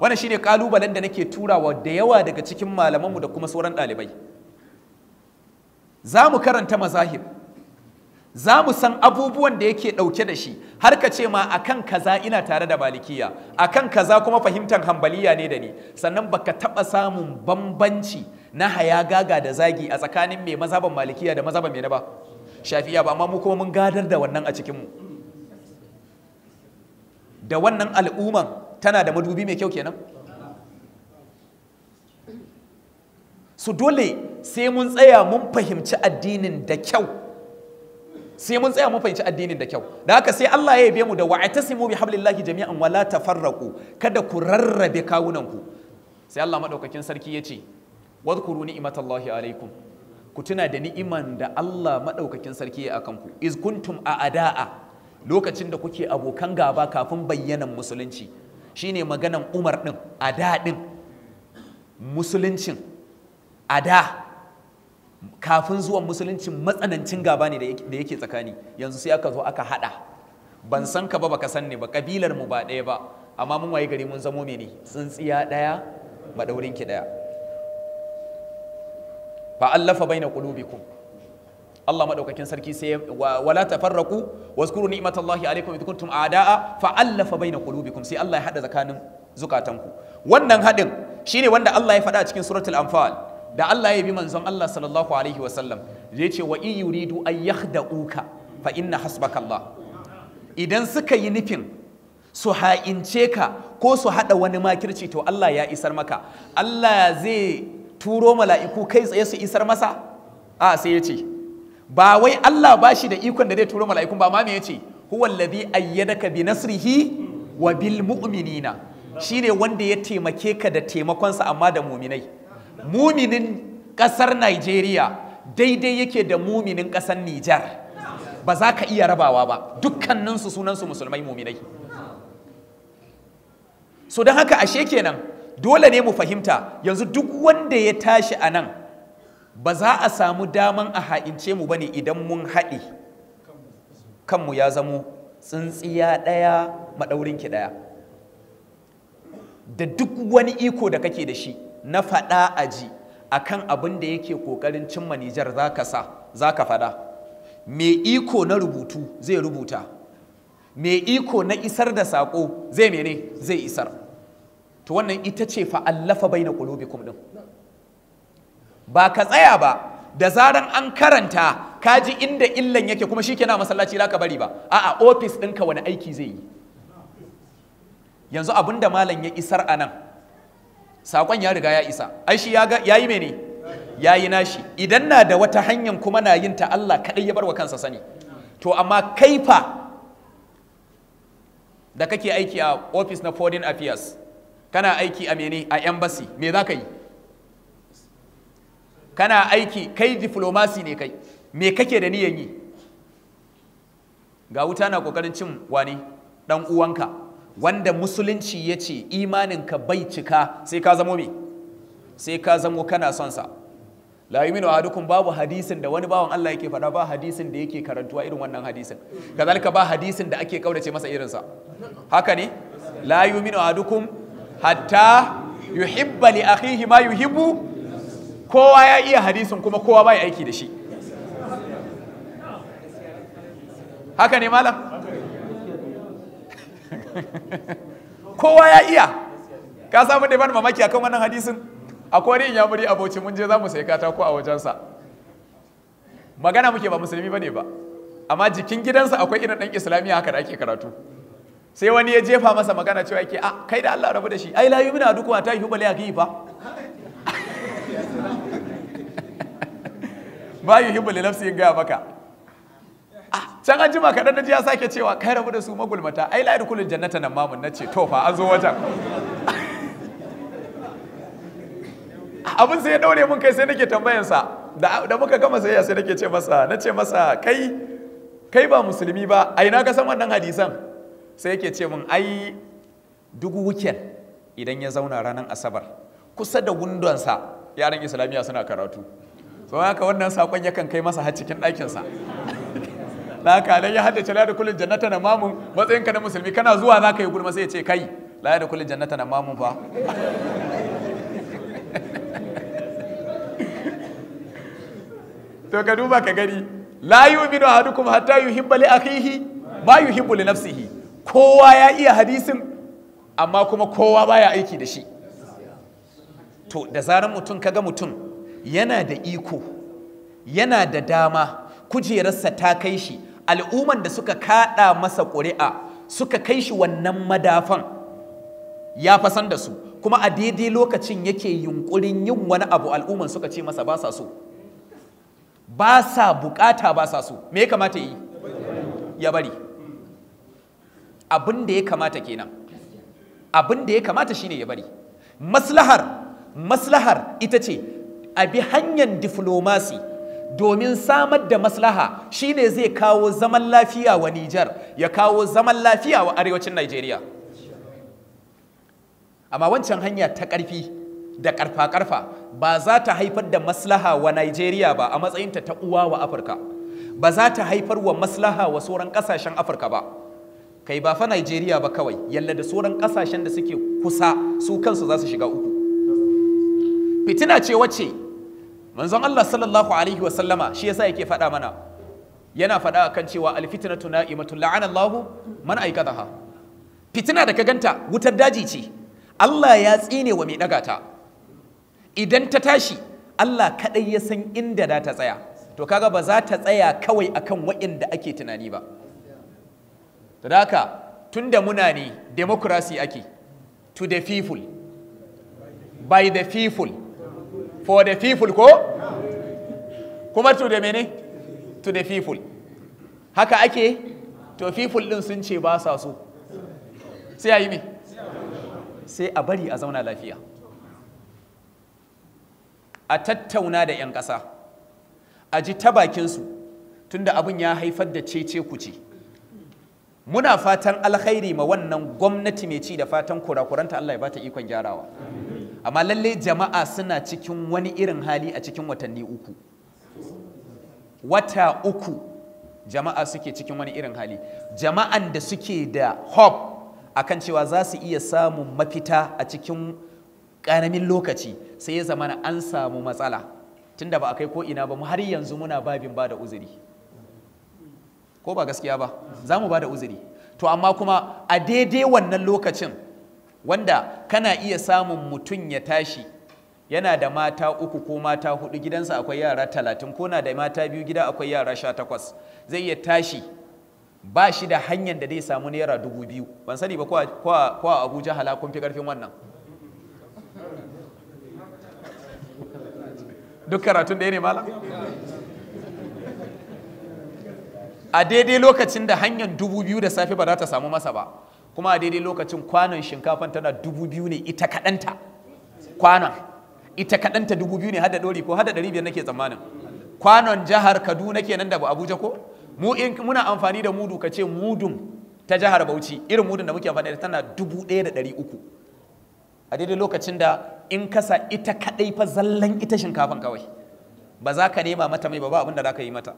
wannan shine kalubalen da nake turawa da yawa daga cikin malamanmu da kuma sauran ɗalibai za mu karanta mazahib za mu san abubuwan da yake ɗauke da shi har ka ce ma akan kaza ina tare da malikiya akan kaza kuma fahimtar hambaliya ne da ni sannan baka taɓa samun bambanci na haya gaga da zagi a tsakanin mai mazaban malikiya da mazaban mai na ba shafiya ba amma mu kuma mun gadar da wannan a cikin mu. da wannan al'umman tana da madubi mai kyau kenan su dole sai mun tsaya mun fahimci addinin da kyau sai mun tsaya mun fahimci addinin da kyau da haka sai Allah ya yabe mu da wa'tasimu bi hablillahi jami'an wala tafarraqu kada ku rarrabe kawunanku sai Allah madaukakin sarki yace wadhkuru ni'matallahi alaikum ku tuna da ni'iman da Allah madaukakin sarki ya akan ku iz kuntum a ada'a lokacin da kuke abokan gaba kafin bayyanan musulunci shine maganan umar din a daɗin musuluncin a da kafin zuwan musuluncin matsanancin gaba ne da yake tsakani yanzu sai aka zo aka haɗa ban san ka ba baka san ne ba kabilar mu ba ɗaya ba amma mun waye gari mun zamo mene tsintsiya ɗaya daurinki ɗaya fa allafa baina qulubikum Allah maɗaukakin sarki sai wala tafarraqu wazkuru ni'matallahi alaikum idh kuntum a'da'a fa'allafa baina qulubikum sai Allah ya hada zakanin zukatanku wannan hadin shine wanda Allah ya faɗa cikin suratul anfal da Allah ya bi manzon Allah sallallahu alaihi wasallam zai ce wa in yuridu an yakhda'uka fa inna hasbakallah idan suka yi nufin su ha'ince ka ko su hada wani makirci to Allah ya isar maka Allah zai turo mala'iku kai tsaye su isar masa a sai ya ce ba wai Allah ba shi da ikon da zai turo mala'ikun ba ma me yace huwa alladhi ayyadaka bi nasrihi wa bil mu'minina shine wanda ya taimake ka da taimakonsa amma da muminai muminin kasar Najeriya daidai yake da muminin kasar Nijar ba za ka iya rabawa ba dukkaninsu sunansu musulmai muminai so don haka ashe kenan dole ne mu fahimta yanzu duk wanda ya tashi a nan ba za a samu daman a ha'ince mu ba ne idan mun haɗe kanmu ya zamo tsintsiya ɗaya maɗaurinki ɗaya da duk wani iko da kake da shi na faɗa a ji a kan abin da yake ƙoƙarin cimma nijar za ka sa za ka faɗa mai iko na rubutu zai rubuta mai iko na isar da saƙo zai mene zai isar to wannan ita ce fa'allafa bai na ƙulubi ɗin ba ka tsaya ba da zaran an karanta ka ji inda illan yake kuma shi kenan masallaci za ka bari ba a'a ofis ɗinka wani aiki zai yi yanzu abin da malam ya isar a nan saƙon ya riga ya isa ai shi ya yi mene ya yi nashi idan na da wata hanyar kuma na yin ta Allah kaɗai ya bar wa kansa sani to amma kaifa da kake aiki a ofis na foreign affairs kana aiki a mene a embassy me za ka yi kana aiki kai diplomasi ne kai me kake da niyan yi ga wuta na kokarin cin wani dan uwanka wanda musulunci ya ce imaninka bai cika sai ka zamo me sai ka zamo kana son sa la yuminu ahadukum babu hadisin da wani bawan Allah yake faɗa ba hadisin da yake karantuwa irin wannan hadisin kazalika ba hadisin da ake kaurace masa irin sa haka ne la yuminu ahadukum hatta yuhibba li akhihi ma yuhibbu kowa ya iya hadisin kuma kowa bai aiki da shi haka ne malam kowa ya iya ka samu da ban mamaki akan wannan hadisin akwai wani yamuri aboci mun je za mu sai katako a wajensa magana muke ba musulmi ba ne ba amma jikin gidansa akwai irin dan islamiyya haka da ake karatu sai wani ya jefa masa magana cewa yake a ah, kai da Allah rabu da shi ai layu mina duk wa yi yuhibbu a fa. ba yi hibbul nafsi ga maka can an jima kaɗan na ji ya sake cewa kai rabu da su magulmata ai la'ir kulun jannata nan mamun na ce to fa an zo wajen abin sai ya daure mun kai sai nake tambayansa da muka gama sai ya sai nake ce masa na ce masa kai kai ba musulmi ba ai na ka san wannan hadisan sai yake ce mun ai duk wuken idan ya zauna ranar asabar kusa da wundonsa yaran islamiyya suna karatu so haka wannan sakon yakan kai masa har cikin ɗakinsa da haka dai ya haddace la da jannata na mamun matsayin ka na musulmi kana zuwa za ka yi gulma sai ya ce kai la da kullun jannata na mamun fa to ka duba ka gani la yu'minu ahadukum hatta yuhibba li akhihi ma yuhibbu li nafsihi kowa ya iya hadisin amma kuma kowa baya aiki da shi to da zaran mutum kaga mutum yana da iko yana da dama kujerarsa ta kai shi al'umman da suka kaɗa masa ƙuri'a suka kai shi wannan madafan ya fasan da su kuma a daidai lokacin yake yunkurin yin wani abu al'umman suka ce masa ba sa so ba sa bukata ba sa so me ya kamata yi ya bari abin da ya kamata kenan abin da ya kamata shine ya bari maslahar maslahar ita ce a bi hanyar diflomasi domin samar da maslaha shi ne zai kawo zaman lafiya wa Nijar ya kawo zaman lafiya wa arewacin Najeriya amma wancan hanya ta ƙarfi da ƙarfa-ƙarfa ba za ta haifar da maslaha wa Najeriya ba a matsayinta ta uwa wa Afirka ba za ta haifar wa maslaha wa sauran ƙasashen Afirka ba kai ba fa Najeriya ba kawai yalla da sauran ƙasashen da suke kusa su kansu za su shiga uku fitina ce wacce manzon Allah sallallahu alaihi wa sallama shi yasa yake faɗa mana yana faɗa akan cewa alfitnatu na'imatu la'ana Allahu man aikataha fitina da ka ganta wutar daji ce Allah ya tsine wa mai daga ta idan ta tashi Allah kadai ya san inda da ta tsaya to kaga ba za ta tsaya kawai akan waɗanda ake tunani ba to haka tunda muna ne democracy ake to the people by the people for the people ko kuma to the mene to the people haka ake to people din sun ce ba sa so sai a yi me sai a bari a zauna lafiya a tattauna da 'yan ƙasa a ji ta bakinsu tunda abin ya haifar da cece kuce muna fatan alkhairi ma wannan gwamnati mai ci da fatan kurakuranta Allah ya bata ikon gyarawa amma lalle jama'a suna cikin wani irin hali a cikin watanni uku wata uku jama'a suke cikin wani irin hali jama'an da suke da hop akan cewa za su iya samun mafita a cikin ƙaramin lokaci sai ya zama an samu matsala tunda ba a kai ko ina ba mu har yanzu muna babin ba da uzuri ko ba gaskiya ba za mu ba da uzuri to amma kuma a daidai wannan lokacin wanda kana iya samun mutum ya tashi yana da mata uku ko mata hudu gidansa akwai yara talatin ko na da mata biyu gida akwai yara sha takwas zai iya tashi ba shi da hanyar da zai samu naira dubu biyu ban sani ba ko a abuja hala kun fi karfin wannan duk karatun ɗaya ne malam a daidai lokacin da hanyar dubu biyu da safe ba za ta samu masa ba kuma a daidai lokacin kwanan shinkafan tana dubu biyu ne ita kaɗanta kwanan ita kaɗanta dubu biyu ne hada ɗori ko hada ɗari biyar nake tsammanin kwanon jihar kaduna kenan da abuja ko mu in muna amfani da mudu ka ce mudun ta jihar bauchi irin mudun da muke amfani da tana dubu ɗaya da ɗari uku a daidai lokacin da in kasa ita kaɗai fa zallan ita shinkafan kawai ba za ka nema mata mai ba ba abin da za ka yi mata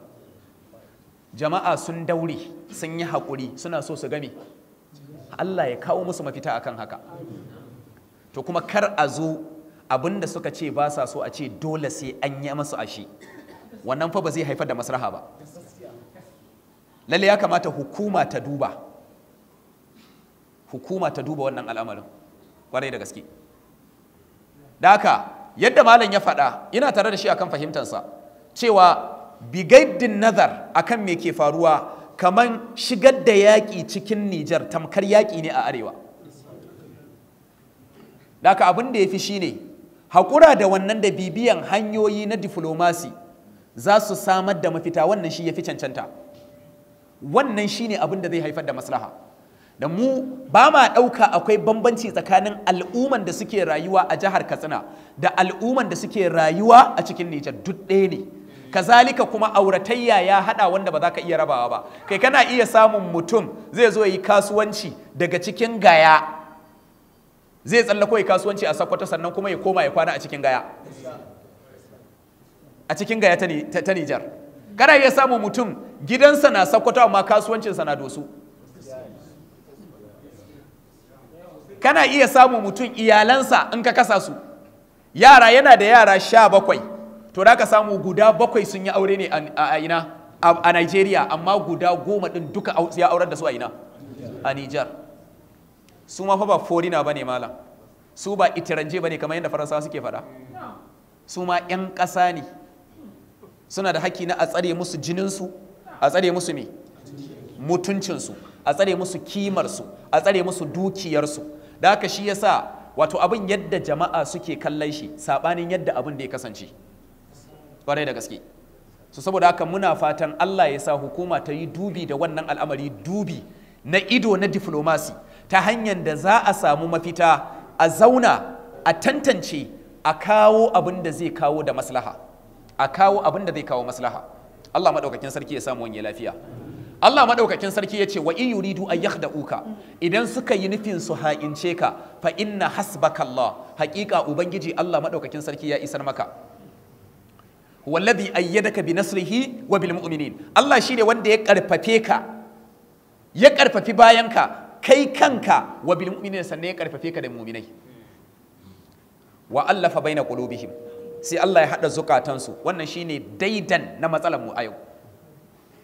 jama'a sun daure sun yi haƙuri suna so su game Allah ya kawo musu mafita akan haka to kuma kar a zo abinda suka ce ba sa so a ce dole sai an yi masu ashi wannan fa ba zai haifar da masraha ba lalle ya kamata hukuma ta duba hukuma ta duba wannan al'amarin kwarai da gaske da haka yadda malam ya faɗa ina tare da shi akan fahimtansa cewa bigaidin nazar akan me ke faruwa kaman shigar da yaƙi cikin Nijar tamkar yaƙi ne a arewa Daka abin da ya fi shi ne haƙura da wannan da bibiyan hanyoyi na diflomasi za su samar da mafita wannan shi ya fi cancanta wannan shi ne abin da zai haifar da maslaha da mu ba ma ɗauka akwai bambanci tsakanin al'umman da suke rayuwa a jihar katsina da al'umman da suke rayuwa a cikin nijar duk ɗaya ne kazalika kuma auratayya ya hada wanda ba za ka iya rabawa ba kai kana iya samun mutum zai zo yi kasuwanci daga cikin gaya zai tsallako yi kasuwanci a sakwata sannan kuma ya koma ya kwana a cikin gaya a cikin gaya ta Nijar kana iya samun mutum gidansa na sakwata amma kasuwancinsa na dosu kana iya samun mutum iyalansa in ka kasa su yara yana da yara sha bakwai to da ka samu guda bakwai sun yi aure ne a ina a Nigeria amma guda goma din duka ya aurar da su a ina a Niger su ma fa ba forina bane malam su ba itiranje bane kamar yadda faransa suke faɗa su ma 'yan ƙasa ne suna da haƙƙi na a tsare musu jininsu a tsare musu me mutuncinsu a tsare musu kimarsu a tsare musu dukiyarsu da haka shi yasa wato abin yadda jama'a suke kallon shi saɓanin yadda abin da ya kasance kwarai da gaske su saboda haka muna fatan Allah ya sa hukuma ta yi dubi da wannan al'amari dubi na ido na diflomasi ta hanyar da za a samu mafita a zauna a tantance a kawo abin da zai kawo da maslaha a kawo abin da zai kawo maslaha Allah maɗaukakin sarki ya samu wani lafiya Allah maɗaukakin sarki ya ce wa in yuridu yahda uka. idan suka yi nufin su ha'ince ka fa inna hasbaka Allah haƙiƙa ubangiji Allah maɗaukakin sarki ya isar maka huwa ayyadaka bi nasrihi wa bil mu'minin Allah shine wanda ya karfafe ka ya karfafi bayanka kai kanka wa bil mu'minin sannan ya karfafe ka da mu'minai wa allafa baina qulubihim sai Allah ya hada zukatansu wannan shine daidan na matsalar mu a yau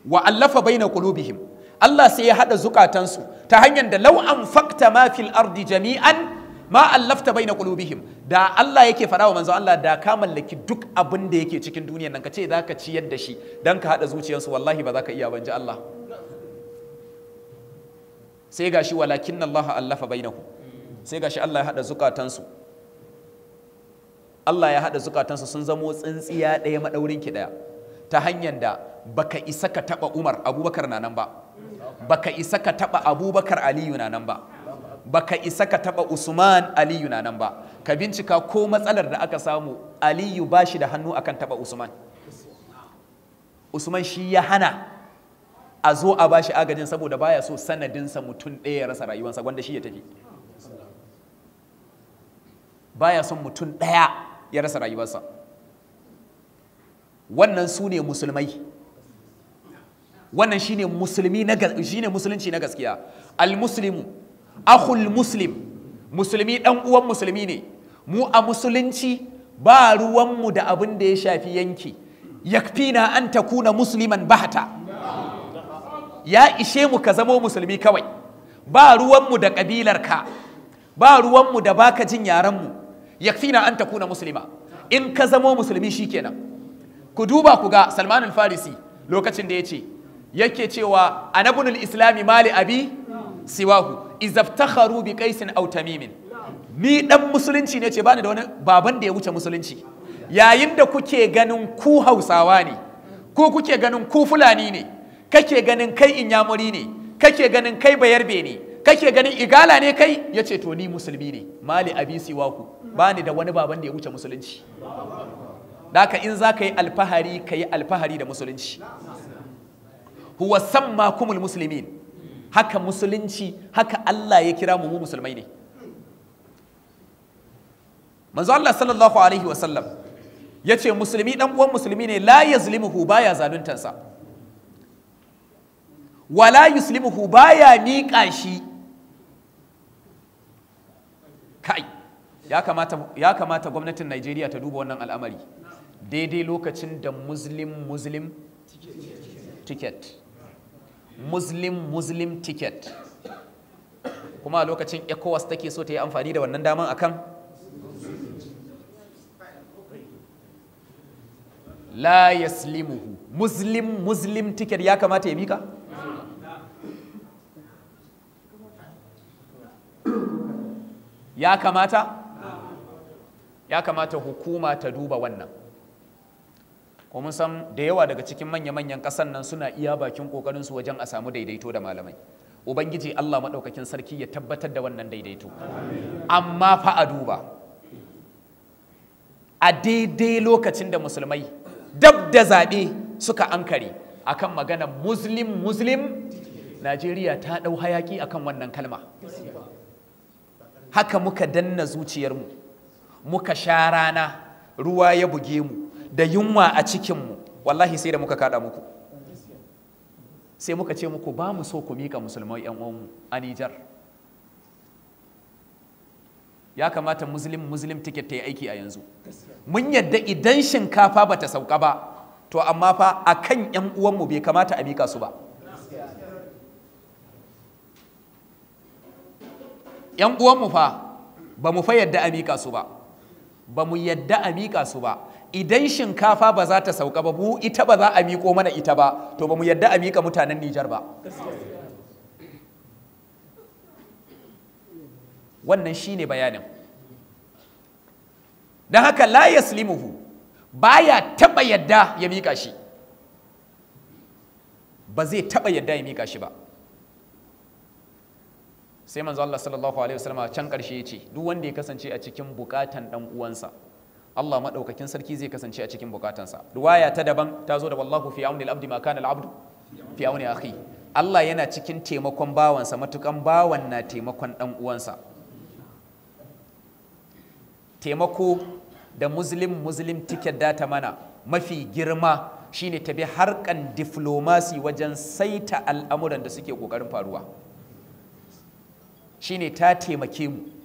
wa allafa baina qulubihim Allah sai ya hada zukatansu ta hanyar da law anfaqta ma fil ardi jami'an ma allafta baina qulubihim da Allah yake fada wa manzo Allah da ka mallaki duk abin da yake cikin duniyar nan ka ce zaka ciyar da shi dan ka hada zuciyarsu wallahi ba za ka iya banji Allah sai gashi walakin Allah allafa bainahum sai gashi Allah ya hada zukatansu Allah ya hada zukatansu sun zamo tsintsiya ɗaya madaurin ki ɗaya ta hanyar da baka isa ka taba Umar Abubakar na nan ba baka isa ka taba Abubakar Aliyu na nan ba baka isa ka taba Usman Aliyu na nan ba ka bincika ko matsalar da aka samu Aliyu ba shi da hannu akan taba Usman Usman shi ya hana a zo a bashi agajin saboda baya so sanadinsa mutum ɗaya ya rasa rayuwarsa wanda shi ya tafi baya son mutum ɗaya ya rasa rayuwarsa wannan su ne musulmai wannan shine musulmi musulunci na gaskiya al muslimu akhul muslim musulmi dan uwan musulmi ne mu a musulunci ba ruwanmu da abin da ya shafi yanki yakfina an takuna musliman bahata ya ishe mu ka zamo musulmi kawai ba ruwanmu da kabilarka ba ruwanmu da baka jin mu. yakfina an takuna muslima in ka zamo musulmi shikenan ku duba ku ga salman al-farisi lokacin da ya ce yake cewa anabunul islami mali abi siwahu izabtakharu bi qaisin aw tamimin ni dan musulunci ne ce bani da wani baban da ya wuce musulunci yayin da kuke ganin ku Hausawa ne ku kuke ganin ku Fulani ne kake ganin kai inyamuri ne kake ganin kai bayarbe ne kake ganin igala ne kai ya ce to ni musulmi ne mali abisi waku bani da wani baban da ya wuce musulunci daka in za ka yi alfahari ka yi alfahari da musulunci huwa kumul muslimin haka musulunci haka Allah ya kira mu mu musulmai ne manzo Allah sallallahu alaihi wa sallam yace musulmi dan uwan musulmi ne la yazlimuhu baya zaluntansa wala yuslimuhu baya miƙa shi kai ya kamata ya kamata gwamnatin Najeriya ta duba wannan al'amari daidai lokacin da muslim muslim ticket muslim muslim ticket kuma a lokacin ecowas take so ta yi amfani da wannan daman akan la yaslimuhu muslim muslim ticket ya kamata ya mika ya kamata ya kamata hukuma ta duba wannan ko mun san da yawa daga cikin manya-manyan ƙasan nan suna iya bakin ƙoƙarin su wajen a samu daidaito da malamai ubangiji Allah maɗaukakin sarki ya tabbatar da wannan daidaito amma fa a duba a daidai lokacin da musulmai dab da zaɓe suka ankare kan magana muslim muslim najeriya ta ɗau hayaƙi akan wannan kalma haka muka danna zuciyarmu muka sha rana ruwa ya buge mu da yunwa a cikinmu wallahi sai da muka kada muku sai muka ce muku ba mu so ku mika musulmai yan uwanmu a Nijar ya kamata muslim muslim ticket ta yi aiki a yanzu mun yadda idan shinkafa bata sauka ba to amma fa akan yan uwanmu bai kamata a miƙa su ba yan uwanmu fa ba mu fa yadda a miƙa su ba ba mu yadda a mika su ba idan shinkafa ba za ta sauka ba mu ita ba za a miƙo mana ita ba to ba mu yadda a miƙa mutanen Nijar ba wannan shi ne bayanin don haka la ba baya taɓa yadda ya miƙa shi ba zai taɓa yadda ya miƙa shi ba sai manzo Allah sallallahu alaihi wasallam can ƙarshe ya ce duk wanda ya kasance a cikin bukatan dan uwansa Allah madaukakin sarki zai kasance a cikin bukatansa riwaya ta daban ta zo da wallahu fi auni al-abdi ma kana al-abdu fi auni akhi Allah yana cikin taimakon bawansa matukan bawan na taimakon dan uwansa taimako da muslim muslim ticket data mana mafi girma shine ta bi harkan diflomasi wajen saita al'amuran da suke kokarin faruwa shine ta taimake mu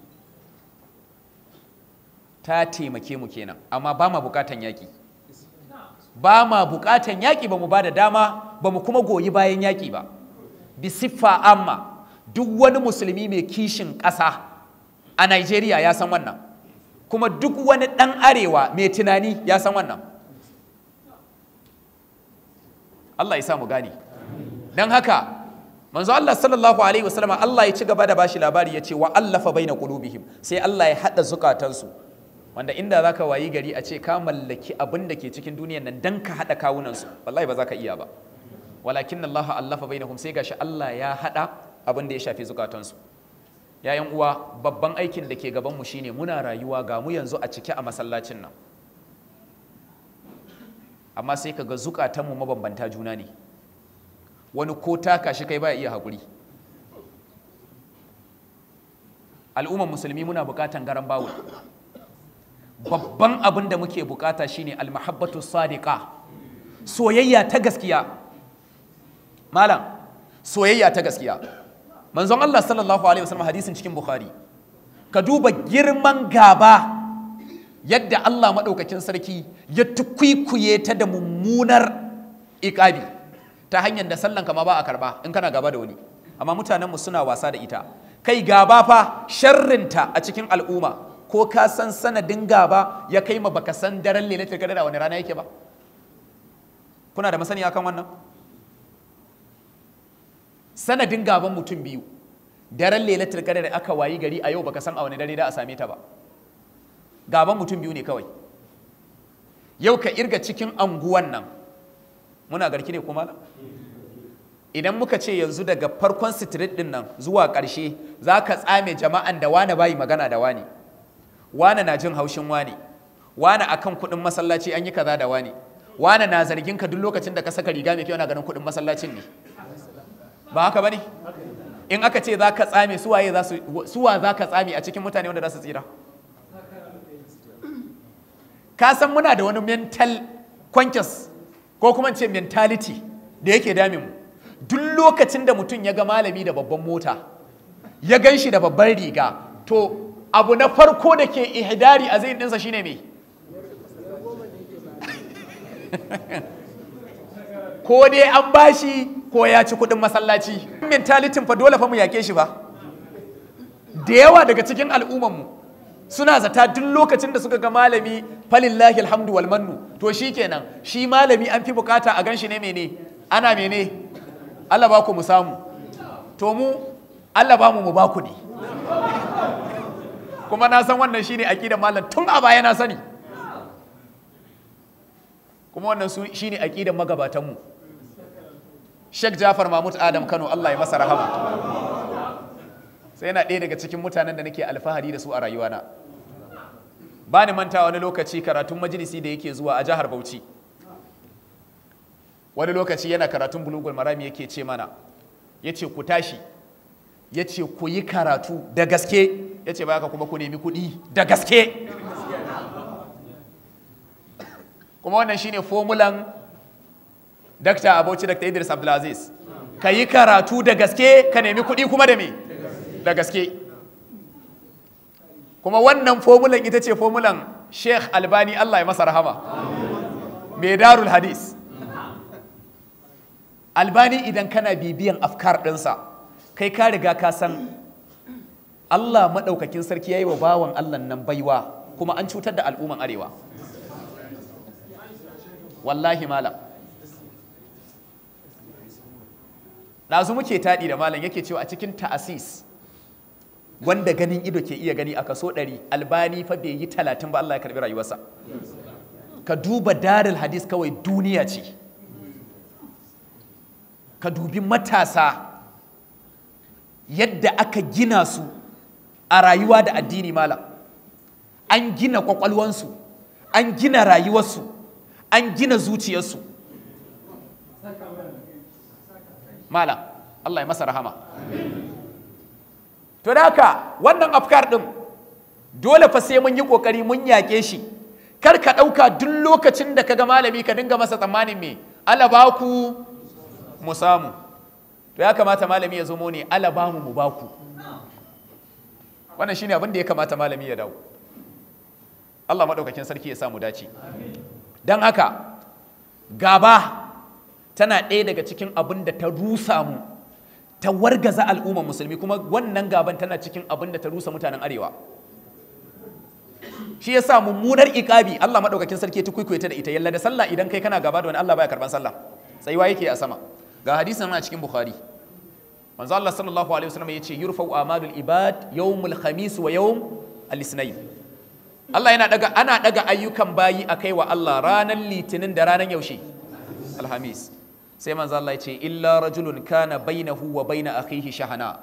ta taimake mu kenan amma ba ma bukatan yaƙi ba ma bukatan yaƙi ba mu ba da dama ba mu kuma goyi bayan yaƙi ba bi siffa amma duk wani musulmi mai kishin ƙasa a Najeriya ya san wannan kuma duk wani ɗan arewa mai tunani ya san wannan Allah ya sa mu gane don haka manzo Allah sallallahu alaihi wasallam Allah ya ci gaba da bashi labari ya ce wa allafa baina qulubihim sai Allah ya hada zukatansu wanda inda za ka wayi gari a ce ka mallaki abin da ke cikin duniyan nan don ka haɗa kawunansu wallahi ba za ka iya ba walakin Allah allafa bainahum sai gashi Allah ya haɗa abin da ya shafi zukatansu yayan uwa babban aikin da ke gaban mu shine muna rayuwa ga mu yanzu a cike a masallacin nan amma sai ka ga zukatanmu mabambanta juna ne wani ko taka shi kai ba iya haƙuri al'umman musulmi muna buƙatan garan bawul babban abin da muke bukata shine almahabbatu sadiqa soyayya ta gaskiya malam soyayya ta gaskiya manzon Allah sallallahu alaihi wasallam hadisin cikin bukhari ka duba girman gaba yadda Allah madaukakin sarki ya tukwikuye ta da mummunar ikabi ta hanyar da sallan ma ba a karba in kana gaba da wani amma mutanenmu suna wasa da ita kai gaba fa sharrinta a cikin al'umma ko ka san sanadin gaba ya kai ma baka san daren lailatul qadar a wani rana yake ba kuna da masaniya akan wannan sanadin gaban mutum biyu daren lailatul da aka wayi gari a yau baka san a wani dare da a same ta ba gaban mutum biyu ne kawai yau ka irga cikin anguwan nan muna garki ne kuma idan muka ce yanzu daga farkon street din nan zuwa ƙarshe za ka tsame jama'an da wane bayi magana da wane wane na jin haushin wane wane akan kuɗin masallaci an yi kaza da wane wane na zargin ka duk lokacin da ka saka riga mai kyau na ganin kuɗin masallacin ne ba haka bane in aka ce za ka tsame suwa za ka tsame a cikin mutane wanda za su tsira ka san muna da wani mental conscious ko kuma ce mentality da yake damin mu duk lokacin da mutum ya ga malami da babban mota ya gan shi da babban riga to abu na farko da ke ihdari a zai ɗinsa shine me ko dai an bashi ko ya ci kudin masallaci mentalitin fa dole fa mu yake shi ba da yawa daga cikin mu suna zata duk lokacin da suka ga malami falillahi alhamdu wal mannu to shikenan shi malami an fi bukata a ganshi ne mene ana mene Allah ba ku mu samu to mu Allah ba mu mu ba ku ne kuma na san wannan shine aqidar malam tun a baya na sani kuma wannan shine aqidar magabatan mu Sheikh Jafar Mahmud Adam Kano Allah ya masa rahama sai yana ɗaya daga cikin mutanen da nake alfahari da su a rayuwana ba ni manta wani lokaci karatun majalisi da yake zuwa a jihar Bauchi wani lokaci yana karatun bulugul marami yake ce mana yace ku tashi yace ku yi karatu da gaske ya ce ba ka kuma ku nemi kuɗi da gaske kuma wannan shine fomulan dakta abauci dakta idris abdulaziz ka yi karatu da gaske ka nemi kuɗi kuma da me da gaske kuma wannan fomulan ita ce fomulan sheikh albani allah ya masa rahama mai darul hadis albani idan kana bibiyan afkar ɗinsa kai ka riga ka san Allah maɗaukakin sarki ya yi wa bawan Allah nan baiwa kuma an cutar da al'umman arewa wallahi malam ɗazu muke taɗi da malam yake cewa a cikin ta'asis wanda ganin ido ke iya gani a kaso ɗari albani fa bai yi talatin ba Allah ya karɓi rayuwarsa ka duba daril hadis kawai duniya ce ka dubi matasa yadda aka gina su a rayuwa da addini malam an gina kwakwalwansu an gina rayuwarsu an gina zuciyarsu malam Allah ya masa rahama to daka wannan afkar ɗin, dole fa sai mun yi kokari mun yake shi kar ka ɗauka duk lokacin da ka ga malami ka dinga masa tsammanin me ala ba ku mu samu to ya kamata malami ya zo mu ne ala ba mu mu ba ku wannan shine abin da ya kamata malami ya dawo Allah maɗaukakin sarki ya samu dace dan haka gaba tana ɗaya daga cikin abin da ta rusa mu ta wargaza al'ummar musulmi kuma wannan gaban tana cikin abin da ta rusa mutanen arewa shi ya sa mummunar ikabi Allah maɗaukakin sarki ya ta da ita yalla da sallah idan kai kana gaba da wani Allah baya karban sallah tsayuwa yake a sama ga hadisin a cikin bukhari manzo Allah sallallahu alaihi wasallam yace yurfa'u amalul ibad yawmul khamis wa yawm al-isnayn Allah yana daga ana daga ayyukan bayi akai wa Allah ranar litinin da ranar yaushe alhamis sai manzo Allah yace illa rajulun kana bainahu wa baina akhihi shahana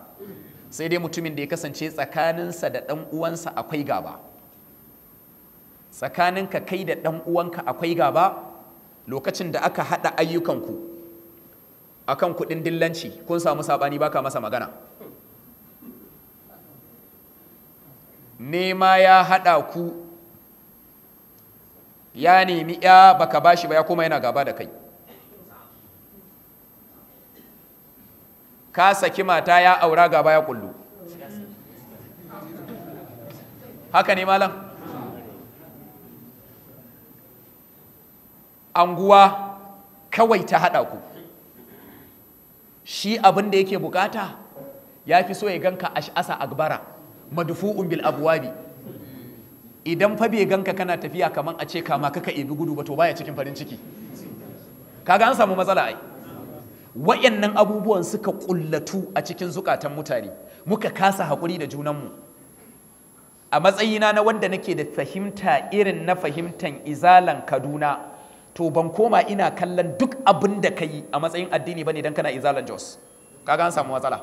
sai dai mutumin da ya kasance tsakaninsa da dan uwansa akwai gaba tsakaninka kai da dan uwanka akwai gaba lokacin da aka hada ayyukanku akan kuɗin dillanci kun samu saɓani baka masa magana nema ya haɗa ku ya nemi ya baka bashi ba ya kuma yana gaba da kai ka saki mata ya aura gaba ya kullu haka ne malam anguwa kawai ta haɗa ku shi abin da yake bukata ya fi so ya ganka ash'asa agbara madfu'un bil abwabi idan fa bai ganka kana tafiya kamar a ce kama kaka ibi gudu ba to baya cikin farin ciki kaga an samu matsala ai wayannan abubuwan suka kullatu a cikin zukatan mutane muka kasa hakuri da junanmu a matsayina na wanda nake da fahimta irin na fahimtan izalan kaduna to ban koma ina kallon duk abin da ka yi a matsayin addini ba ne don kana izalan jos kaga an samu matsala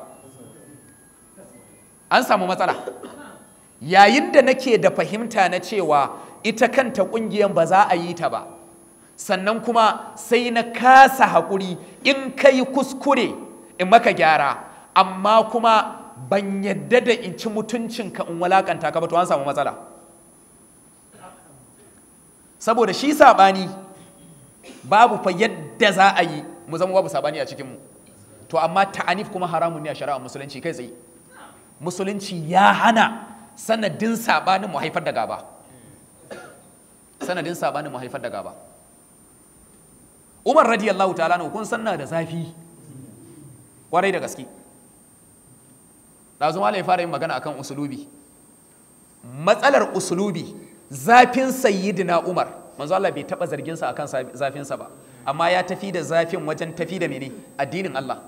an samu matsala yayin da nake da fahimta na cewa ita kanta ƙungiyar ba za a yi ta ba sannan kuma sai na kasa haƙuri in ka yi kuskure in maka gyara amma kuma ban yadda da in ci mutuncinka in walakanta ka ba to an samu matsala saboda shi saɓani babu fa yadda za a yi mu zama babu sabani a cikinmu to amma ta'anif kuma haramun ne a shari'a musulunci kai tsaye musulunci ya hana sanadin sabanin mu haifar da gaba sanadin sabanin mu haifar da gaba Umar radiyallahu ta'ala na kun sanna da zafi kwarai da gaske Dazu ya fara yin magana akan usulubi matsalar usulubi zafin sayyidina Umar manzo Allah bai taba zargin sa akan zafin sa ba amma ya tafi da zafin wajen tafi da mene addinin Allah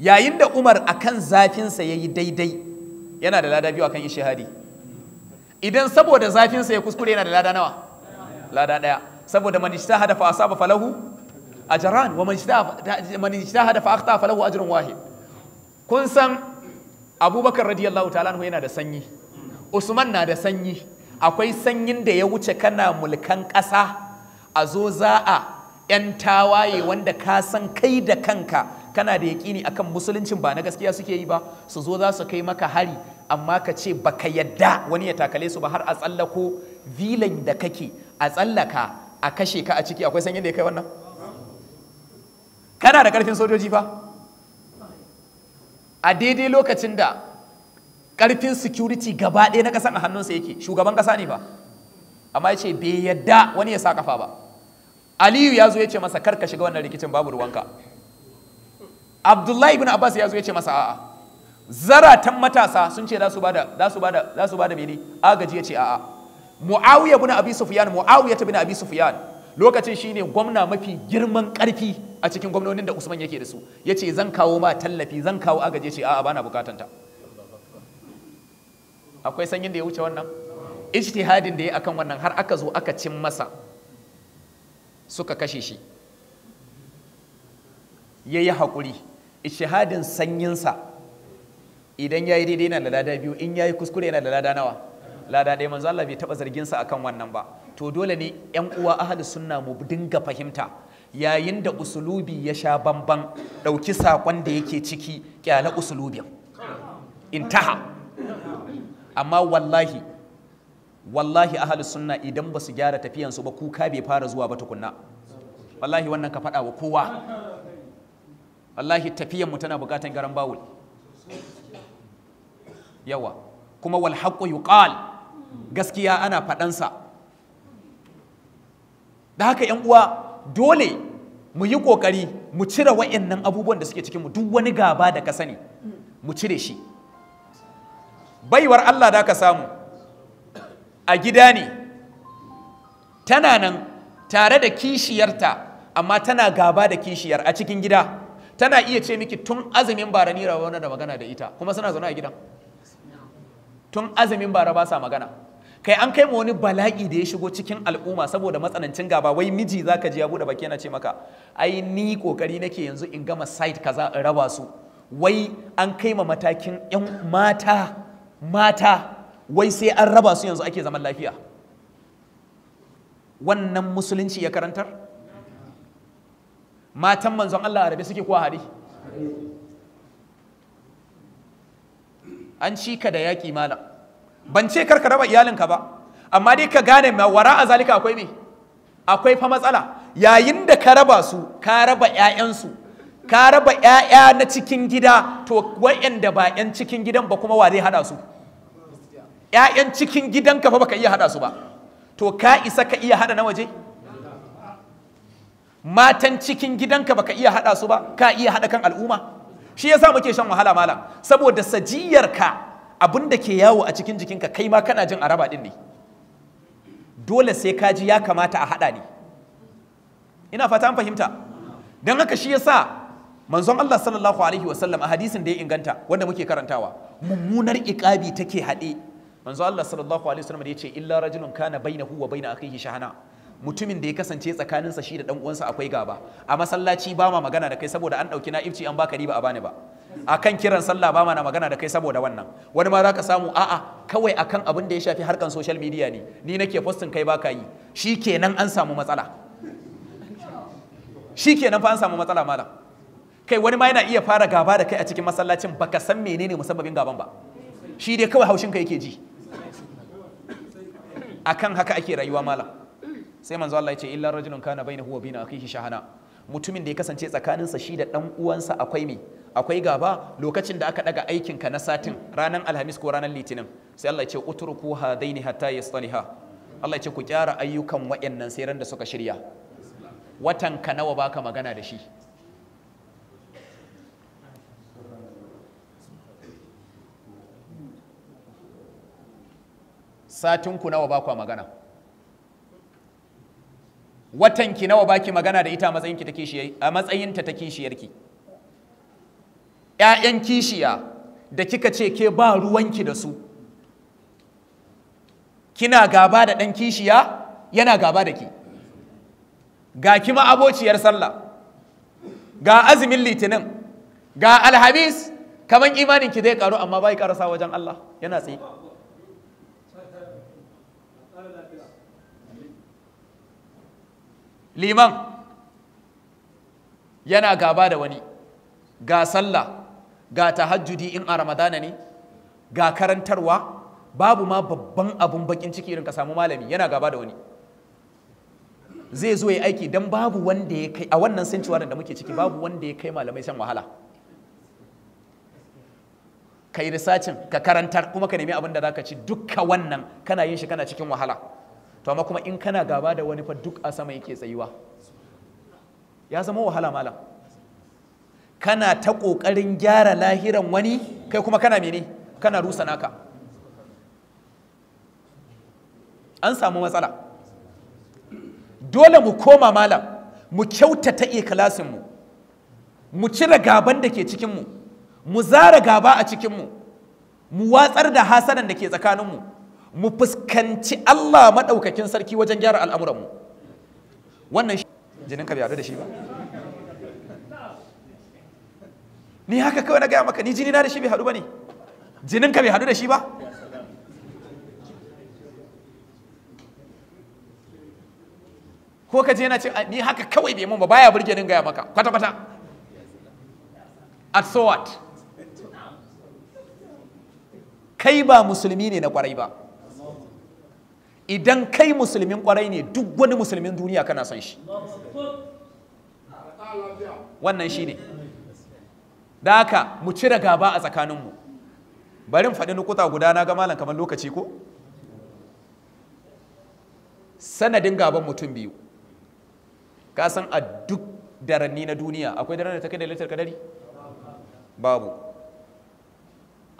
yayin da Umar akan zafin sa yayi daidai yana da lada biyu akan ishihadi idan saboda zafin sa ya kuskure yana da lada nawa lada daya saboda man hada fa asaba falahu ajran wa man hada fa akhta falahu ajrun wahid kun san Abubakar radiyallahu ta'ala yana da sanyi Usman na da sanyi akwai sanyin da ya wuce kana mulkan ƙasa a zo za a 'yan tawaye wanda ka san kai da kanka kana da yaƙini akan musuluncin ba na gaskiya suke yi ba su zo za su kai maka hari amma ka ce baka yadda wani ya takale su ba har a tsallako vilan da kake a tsallaka a kashe ka a ciki akwai sanyin da ya kai wannan kana da ƙarfin sojoji fa a daidai lokacin da karfin security gaba ɗaya na ƙasa a hannunsa yake shugaban ƙasa ne ba amma ya ce bai yadda wani ya sa kafa ba aliyu ya zo ya ce masa karka shiga wannan rikicin babu ruwanka abdullahi ibn abbas ya zo ya ce masa a'a zaratan matasa sun ce za su bada za su bada za su bada mene agaji ya ce a'a muawiya ibn abi sufyan muawiya ibn abi sufyan lokacin shine gwamna mafi girman karfi a cikin gwamnonin da usman yake da su Ya ce zan kawo ma tallafi zan kawo agaji ya ce a'a bana bukatanta ta akwai sanyin da ya wuce wannan ijtihadin da ya akan wannan har aka zo aka cin masa suka kashe shi ya yi haƙuri ijtihadin sanyinsa idan ya yi daidai yana da lada biyu in ya yi kuskure yana da lada nawa lada ɗaya manzo Allah bai taɓa zarginsa akan wannan ba to dole ne yan uwa ahli sunna mu dinga fahimta yayin da usulubi ya sha bamban ɗauki sakon da yake ciki kyala usulubin intaha amma wallahi wallahi ahli sunna idan ba su gyara su ba kuka bai fara zuwa ba tukunna wallahi wannan ka faɗa wa kowa wallahi tafiyan mu tana bukatan garan bawul yawa kuma wal haqqu yuqal gaskiya ana faɗansa da haka yan uwa dole mu yi ƙoƙari mu cire wa'annan abubuwan da suke cikin mu duk wani gaba da ka sani mu cire shi baiwar Allah da ka samu a gida ne tana nan tare da kishiyarta amma tana gaba da kishiyar a cikin gida tana iya ce miki tun azumin bara ni rawana da magana da ita kuma suna zaune a gidan tun azumin bara ba sa magana kai an kai ma wani bala'i da ya shigo cikin al'umma saboda matsanancin gaba wai miji zaka ji ya bude baki yana ce maka ai ni kokari nake yanzu in gama site kaza in raba su wai an kai ma matakin yan mata mata wai sai an raba su yanzu ake zaman lafiya wannan musulunci ya karantar matan manzon Allah a rabe suke kuwa hari an ci ka da yaƙi malam ban ce karka raba iyalinka ba amma dai ka gane ma wara a zalika akwai me akwai fa matsala yayin da ka raba su ka raba 'ya'yansu ka raba 'ya'ya na cikin gida to wa'yanda ba 'yan cikin gidan ba kuma wa zai hada su 'ya'yan cikin gidanka fa baka iya hada su ba to ka isa ka iya haɗa na waje matan cikin gidanka baka iya haɗa su ba ka iya hada kan al'umma shi yasa muke shan wahala malam saboda sajiyarka abin da ke yawo a cikin jikin ka kai ma kana jin araba din ne dole sai ka ji ya kamata a haɗa ne ina fata an fahimta don haka shi yasa manzon Allah sallallahu alaihi wasallam a hadisin da ya inganta wanda muke karantawa mummunar iqabi take haɗe manzo Allah sallallahu alaihi wasallam ya ce illa rajulun kana bainahu wa baina akhihi shahana mutumin da ya kasance tsakanin sa shi da dan uwansa akwai gaba a masallaci ba ma magana da kai saboda an dauki na'ibci an baka riba a bani ba akan kiran sallah ba ma na magana da kai saboda wannan wani ma zaka samu a'a kawai akan abin da ya shafi harkan social media ne ni nake postin kai baka yi shikenan an samu matsala shikenan fa an samu matsala malam kai wani ma yana iya fara gaba da kai a cikin masallacin baka san menene musabbabin gaban ba shi dai kawai haushin ka yake ji akan haka ake rayuwa malam sai manzo Allah ya ce illa rajulun kana bainahu wa kai akhihi shahana mutumin da ya kasance sa shi da dan uwansa akwai me akwai gaba lokacin da aka daga aikin ka na satin ranan alhamis ko ranar litinin sai Allah ya ce utruku hadaini hatta yastaniha Allah ya ce ku kyara ayyukan wayannan sai ran da suka shirya watan ka nawa baka magana da shi satinku nawa ba kwa magana watanki nawa baki magana da ita matsayinki ta shi a matsayinta ta kishiyarki ƴaƴan kishiya da kika ce ke ba ruwanki da su kina gaba da ɗan kishiya yana gaba da ki ga kima abociyar sallah ga azumin litinin ga alhamis kamar imaninki zai karu amma bai karasa wajen Allah yana tsaye liman yana gaba da wani ga sallah ga tahajjudi in a ramadana ne ga karantarwa babu ma babban abun bakin ciki irin ka samu malami yana gaba da wani zai zo ya aiki don babu wanda ya kai a wannan sanciwarin da muke ciki babu wanda ya kai malamai shan wahala ka yi risacin ka karantar kuma ka nemi abin da za ka ci dukka wannan kana yin shi kana cikin wahala to amma kuma in kana gaba da wani fa duk a sama yake tsayuwa ya zama wahala malam kana ta ƙoƙarin gyara lahiran wani kai kuma kana mene kana rusa naka an samu matsala dole mu koma malam mu kyautata ikilasinmu mu cire gaban da ke cikinmu mu zara gaba a cikinmu mu watsar da hasadan da ke tsakaninmu mu fuskanci Allah maɗaukakin sarki wajen gyara al'amuranmu wannan jinin bai haɗu da shi ba ni haka kawai na gaya maka ni jini na da shi bai haɗu ba ne jinin ka bai haɗu da shi ba ko ka je na ce ni haka kawai bai mun ba baya burge nin gaya maka kwata kwata at so what kai ba musulmi ne na kwarai ba idan kai musulmin kwarai ne duk wani musulmin duniya kana son shi wannan shi ne da haka mu cire gaba a tsakaninmu bari faɗi nukuta guda na ga malam kamar lokaci ko sanadin gaban mutum biyu ka san a duk daranni na duniya akwai daren da ta kai da littar kadari babu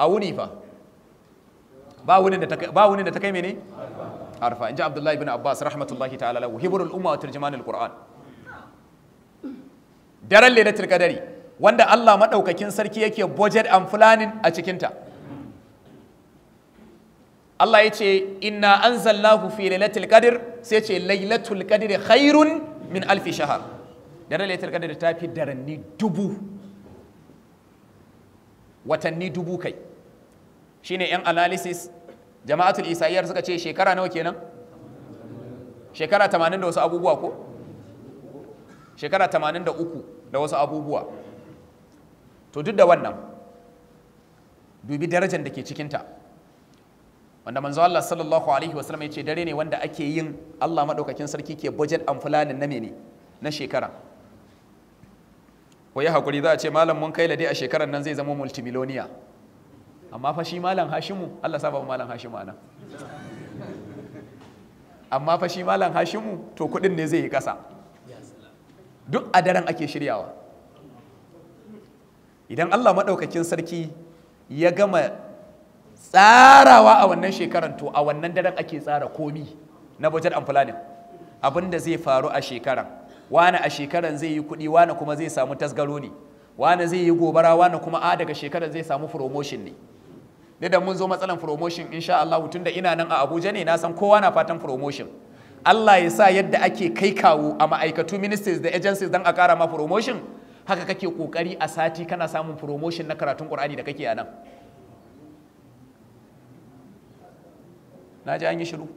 a wuni fa ba wunin da ta kai mene arfa in ji abdullahi bin abbas rahmatullahi ta'ala lahu hibrul umma wa turjumanul qur'an daren lailatul qadari wanda Allah madaukakin sarki yake budget and planning a cikin ta Allah ya ce inna anzalnahu fi lailatul qadr sai ce lailatul qadri khairun min alfi shahar daren lailatul qadr ta fi daranni dubu watanni dubu kai shine yan analysis jama'atul isayyar suka ce shekara nawa kenan shekara 80 da wasu abubuwa ko shekara 83 da wasu abubuwa to duk da wannan dubi darajar da ke cikinta wanda manzo Allah sallallahu alaihi wasallam ya ce dare ne wanda ake yin Allah madaukakin sarki ke budget an fulanin na mene na shekara ko ya hakuri za a ce malam mun kai lade a shekarar nan zai zama multimiloniya amma fa shi malam hashimu Allah saba malam hashimu anan amma fa shi malam hashimu to kudin ne zai yi kasa duk a daren ake shiryawa idan Allah maɗaukakin sarki ya gama tsarawa a wannan shekaran to a wannan daren ake tsara komi na budget and planning abin da zai faru a shekaran wani a shekaran zai yi kuɗi wani kuma zai samu tasgaro ne wani zai yi gobara wani kuma a daga shekaran zai samu promotion ne duk da mun zo matsalan promotion insha Allah da ina nan a Abuja ne na san kowa na fatan promotion Allah ya sa yadda ake kai kawo a ma'aikatu ministries da agencies dan a kara ma promotion haka kake kokari a sati kana samun promotion na karatun Qur'ani da kake a nan na an yi shiru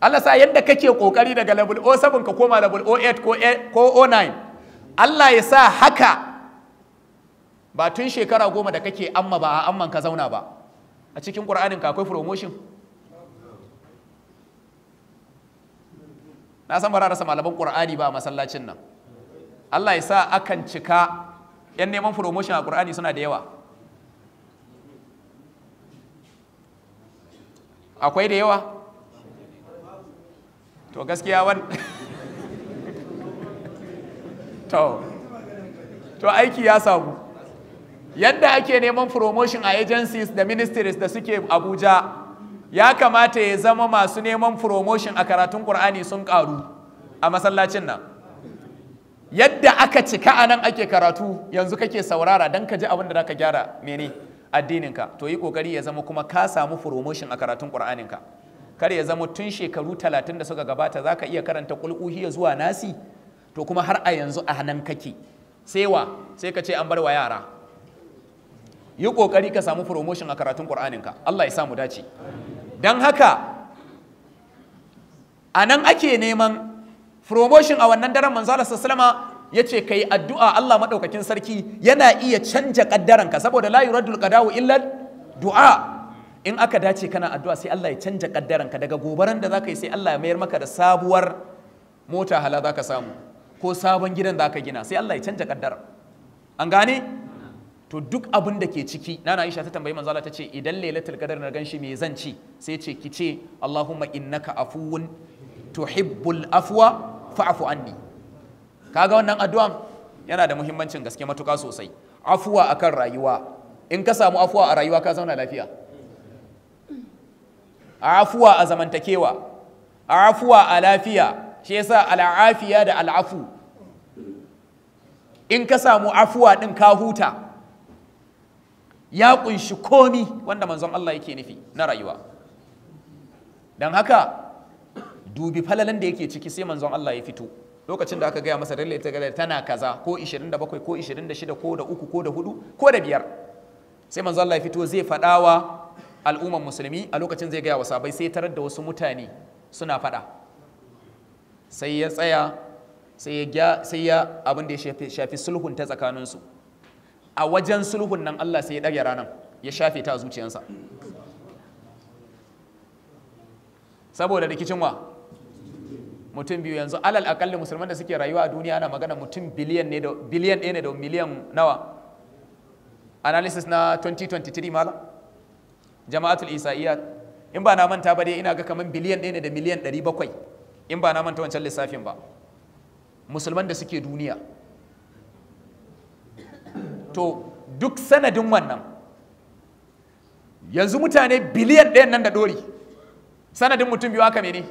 Allah sa yadda kake kokari daga level 07 ka koma level 08 ko 09 e, Allah ya sa haka ba tun shekara goma da kake amma ba a amman ka zauna ba a cikin ƙur'anin ka akwai promotion na san bara rasa malaman ƙur'ani ba a masallacin nan Allah ya sa akan cika yan neman promotion a ƙur'ani suna da yawa akwai da yawa to gaskiya wani to aiki ya samu yadda ake neman promotion a agencies da ministries da suke abuja ya kamata ya zama masu neman promotion a karatun qur'ani sun karu a masallacin nan yadda aka cika a nan ake karatu yanzu kake saurara don ka ji abin da zaka gyara mene addininka to yi kokari ya zama kuma ka samu promotion a karatun ka kar ya zama tun shekaru talatin da suka gabata za ka iya karanta kul'uhiya zuwa nasi to kuma har a yanzu a nan kake sai wa sai ka ce an bar wa yara yi kokari ka samu promotion a karatun qur'aninka Allah ya samu dace Don haka a nan ake neman promotion a wannan daren manzo Allah sallama yace kai addu'a Allah madaukakin sarki yana iya canja ƙaddaranka saboda la yuraddul qada'u illa du'a in aka dace kana addu'a sai Allah ya canja ƙaddaranka. daga gobaran da zaka yi sai Allah ya mayar maka da sabuwar mota hala zaka samu ko sabon gidan zaka gina sai Allah ya canja kaddara an gane to duk abin da ke ciki na Aisha ta tambayi manzala ta ce idan lailatul qadar na ganshi me zan ci sai ce ki ce Allahumma innaka afuwun tuhibbul afwa fa'fu anni kaga wannan addu'a yana da muhimmancin gaske matuka sosai afuwa akan rayuwa in ka samu afuwa a rayuwa ka zauna lafiya afuwa a zamantakewa afuwa a lafiya shi yasa al'afiya da al'afu in ka samu afuwa din ka huta ya kunshi komi wanda manzon Allah yake nufi na rayuwa don haka dubi falalan da yake ciki sai manzon Allah ya fito lokacin da aka gaya masa dalle ta gada tana kaza ko 27 ko 26 ko da uku ko da hudu ko da biyar sai manzon Allah ya fito zai faɗa wa al'umman musulmi a lokacin zai gaya wa sabai sai tarar da wasu mutane suna faɗa sai ya tsaya sai ya abin da ya shafi sulhun ta tsakaninsu a wajen sulhun nan Allah sai ya ɗage ranar ya shafe ta a zuciyansa saboda rikicin wa mutum biyu yanzu alal akalli musulman da suke rayuwa a duniya ana magana mutum biliyan ne da biliyan ɗaya ne da miliyan nawa analysis na 2023 malam jama'atul isa'iyya in ba na manta ba dai ina ga kamar biliyan ɗaya ne da miliyan 700 in ba na manta wancan lissafin ba musulman da suke duniya to duk sanadin wannan yanzu mutane biliyan ɗayan nan da ɗori sanadin mutum biyu aka mene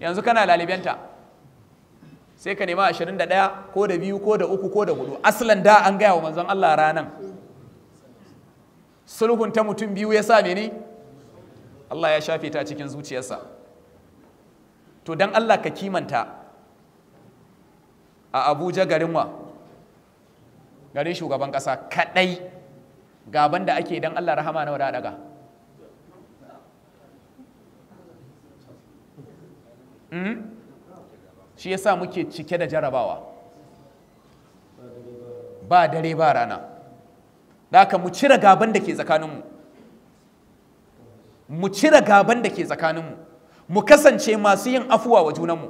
yanzu kana lalibenta sai ka nema ashirin da ɗaya ko da biyu ko da uku ko da hudu asalin da an gaya wa manzon Allah ranan sulhun ta mutum biyu ya sa mene Allah ya shafe ta cikin zuciyarsa to don Allah ka kimanta a Abuja garin wa gare shugaban ƙasa kaɗai gaban da ake don Allah rahama na wada daga hmm? shi yasa muke cike da jarabawa ba dare ba rana da mu cire gaban da ke tsakaninmu mu cire gaban da ke tsakaninmu mu kasance masu yin afuwa wa junanmu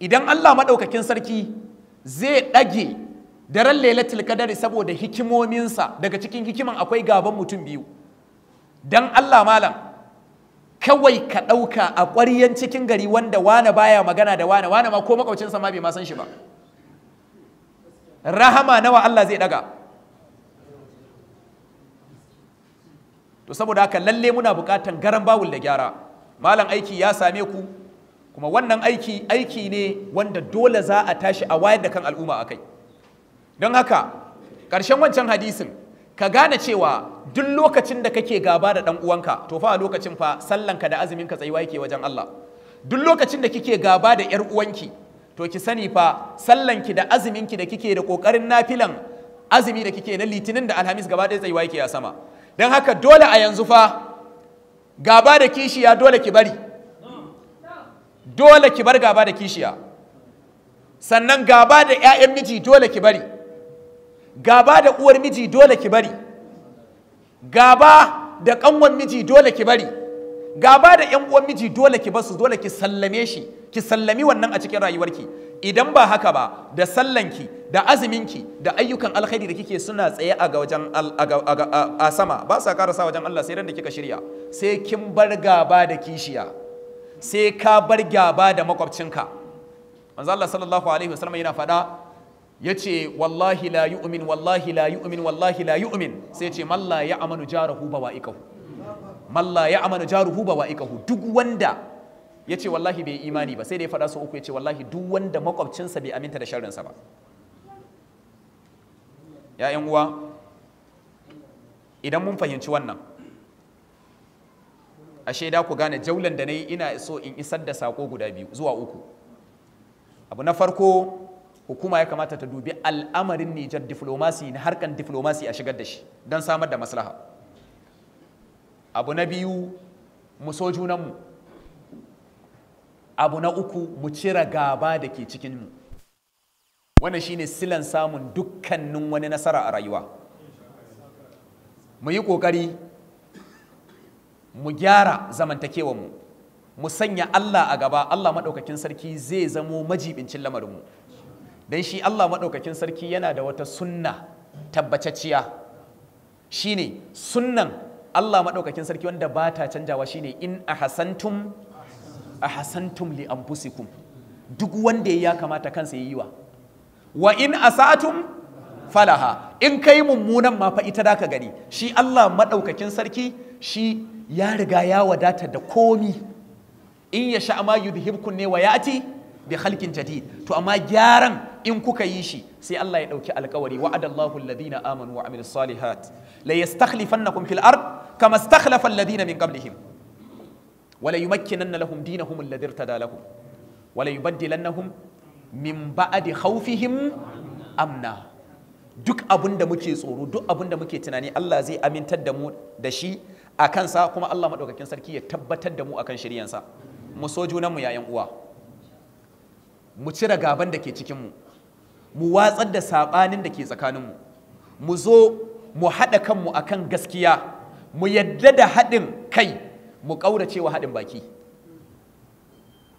idan Allah maɗaukakin sarki zai ɗage daren lailatul kadari saboda hikimominsa daga cikin hikiman akwai gaban mutum biyu dan Allah malam kawai ka ɗauka a ƙwaryen cikin gari wanda wane baya magana da wane wane ma ko makwacinsa ma bai ma san shi ba rahama nawa Allah zai ɗaga to saboda haka lalle muna buƙatan garan bawul da gyara malam aiki ya same ku kuma wannan aiki aiki ne wanda dole za a tashi a wayar da kan al'umma akai. kai don haka ƙarshen wancan hadisin ka gane cewa duk lokacin da kake gaba da ɗan uwanka to fa a lokacin fa sallanka da azumin ka tsayuwa yake wajen Allah duk lokacin da kike gaba da ƴar uwanki to ki sani fa sallanki da ki da kike da ƙoƙarin nafilan azumi da kike na litinin da alhamis gaba ɗaya tsayuwa yake a sama don haka dole a yanzu fa gaba da kishiya dole ki bari dole ki bar gaba da kishiya sannan gaba da 'ya'yan miji dole ki bari gaba da uwar miji dole ki bari gaba da kanwan miji dole ki bari gaba da yan uwan miji dole ki basu dole ki sallame shi ki sallami wannan a cikin rayuwarki idan ba haka ba da sallanki da azuminki da ayyukan alkhairi da kike suna tsaye a wajen a sama ba sa karasa wajen Allah sai ran da kika shirya sai kin bar gaba da kishiya sai ka bar gaba da makwabcinka manzo Allah sallallahu alaihi wasallam yana faɗa ya ce wallahi la yu'min wallahi la yu'min wallahi la yu'min sai ce malla ya amanu jaruhu ba bawa'iqahu malla ya amanu jaruhu ba bawa'iqahu duk wanda ya ce wallahi bai imani ba sai da ya faɗa su uku ya ce wallahi duk wanda makwabcinsa bai aminta da sharrinsa ba ‘ya'yan uwa idan mun fahimci wannan a shaida ku gane jaulan da na yi ina so in isar da sako guda biyu zuwa uku abu na farko hukuma ya kamata ta dubi al'amarin Nijar diflomasi na harkan diflomasi a shigar da shi don samar da maslaha abu na biyu mu so junanmu abu na uku mu cira gaba da ke cikinmu wannan shine silan samun dukkanin wani nasara a rayuwa mu yi ƙoƙari mu gyara zamantakewanmu mu sanya Allah a gaba Allah maɗaukakin sarki zai zamo majibincin lamarinmu dan shi Allah maɗaukakin sarki yana da wata sunna tabbatacciya shine sunnan Allah maɗaukakin sarki wanda ba ta canjawa shine in ahasantum ahasantum li anfusikum duk wanda ya kamata kansa yayi wa wa in asatum falaha in kai mummunan ma fa ita da ka gani shi Allah maɗaukakin sarki shi ya riga ya wadata da komi in ya sha ma yudhibkun ne wa yati bi khalqin jadid to amma gyaran in kuka yi shi sai Allah ya ɗauki alkawari wa'adallahu alladhina amanu wa amilus salihat la yastakhlifannakum fil ard kama istakhlafa alladhina min qablihim wala yumakkinanna lahum dinahum alladhi irtada lahum wala yubaddilannahum min ba'di khawfihim amna duk abin da muke tsoro duk abin da muke tunani Allah zai amintar da mu da shi a kansa kuma Allah maɗaukakin sarki ya tabbatar da mu akan shiryansa mu so junanmu yayan uwa mu cire gaban da ke cikinmu mu watsar da sabanin da ke tsakaninmu mu zo mu haɗa kanmu a kan gaskiya mu yadda da haɗin kai mu ƙaurace wa haɗin baki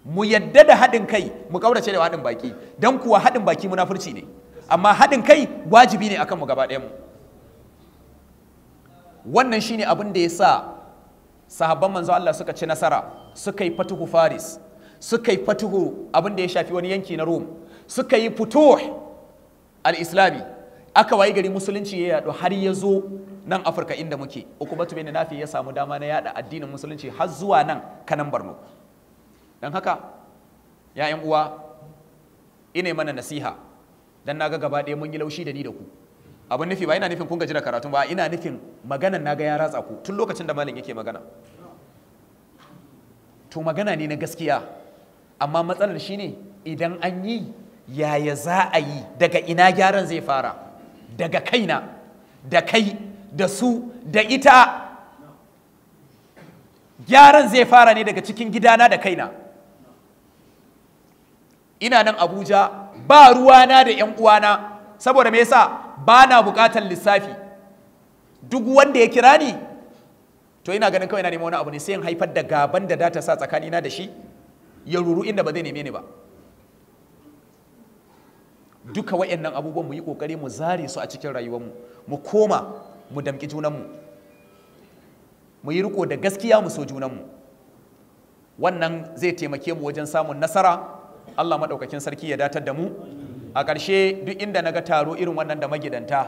mu yadda da haɗin kai mu ƙaurace da haɗin baki don kuwa haɗin baki furci ne amma haɗin kai wajibi ne akan mu gaba mu wannan shine abin da ya sa sahabban manzo Allah suka ci nasara suka yi fatuhu faris suka yi fatuhu abin da ya shafi wani yanki na Rome suka yi futuh al-islami aka wayi gari musulunci ya yaɗu har ya zo nan afirka inda muke Uku batu bin nafi ya samu dama na yaɗa addinin musulunci har zuwa nan kanan barno. don haka ya'yan uwa ina mana nasiha dan naga gaba ɗaya mun yi laushi da ni da ku abin nufi ba ina nufin kun gaji da karatun ba ina nufin maganan naga ya ratsa ku tun lokacin da malam yake magana to magana ne na gaskiya amma matsalar shine idan an yi yaya za a yi daga ina gyaran zai fara daga kaina da kai da su da ita gyaran zai fara ne daga cikin gidana da kaina ina nan abuja ba ruwana da 'yan uwana saboda me yasa ba na bukatan lissafi duk wanda ya kira ni to ina ganin kawai na nema wani abu ne sai in haifar da gaban da data sa tsakanina da shi ya ruru inda ba zai neme ni ba duka wayannan abubuwan mu yi kokari mu zare su a cikin rayuwarmu mu koma mu damki junanmu mu yi riko da gaskiya mu so junanmu wannan zai taimake mu wajen samun nasara Allah maɗaukakin sarki ya datar da mu a ƙarshe duk inda na ga taro irin wannan da magidanta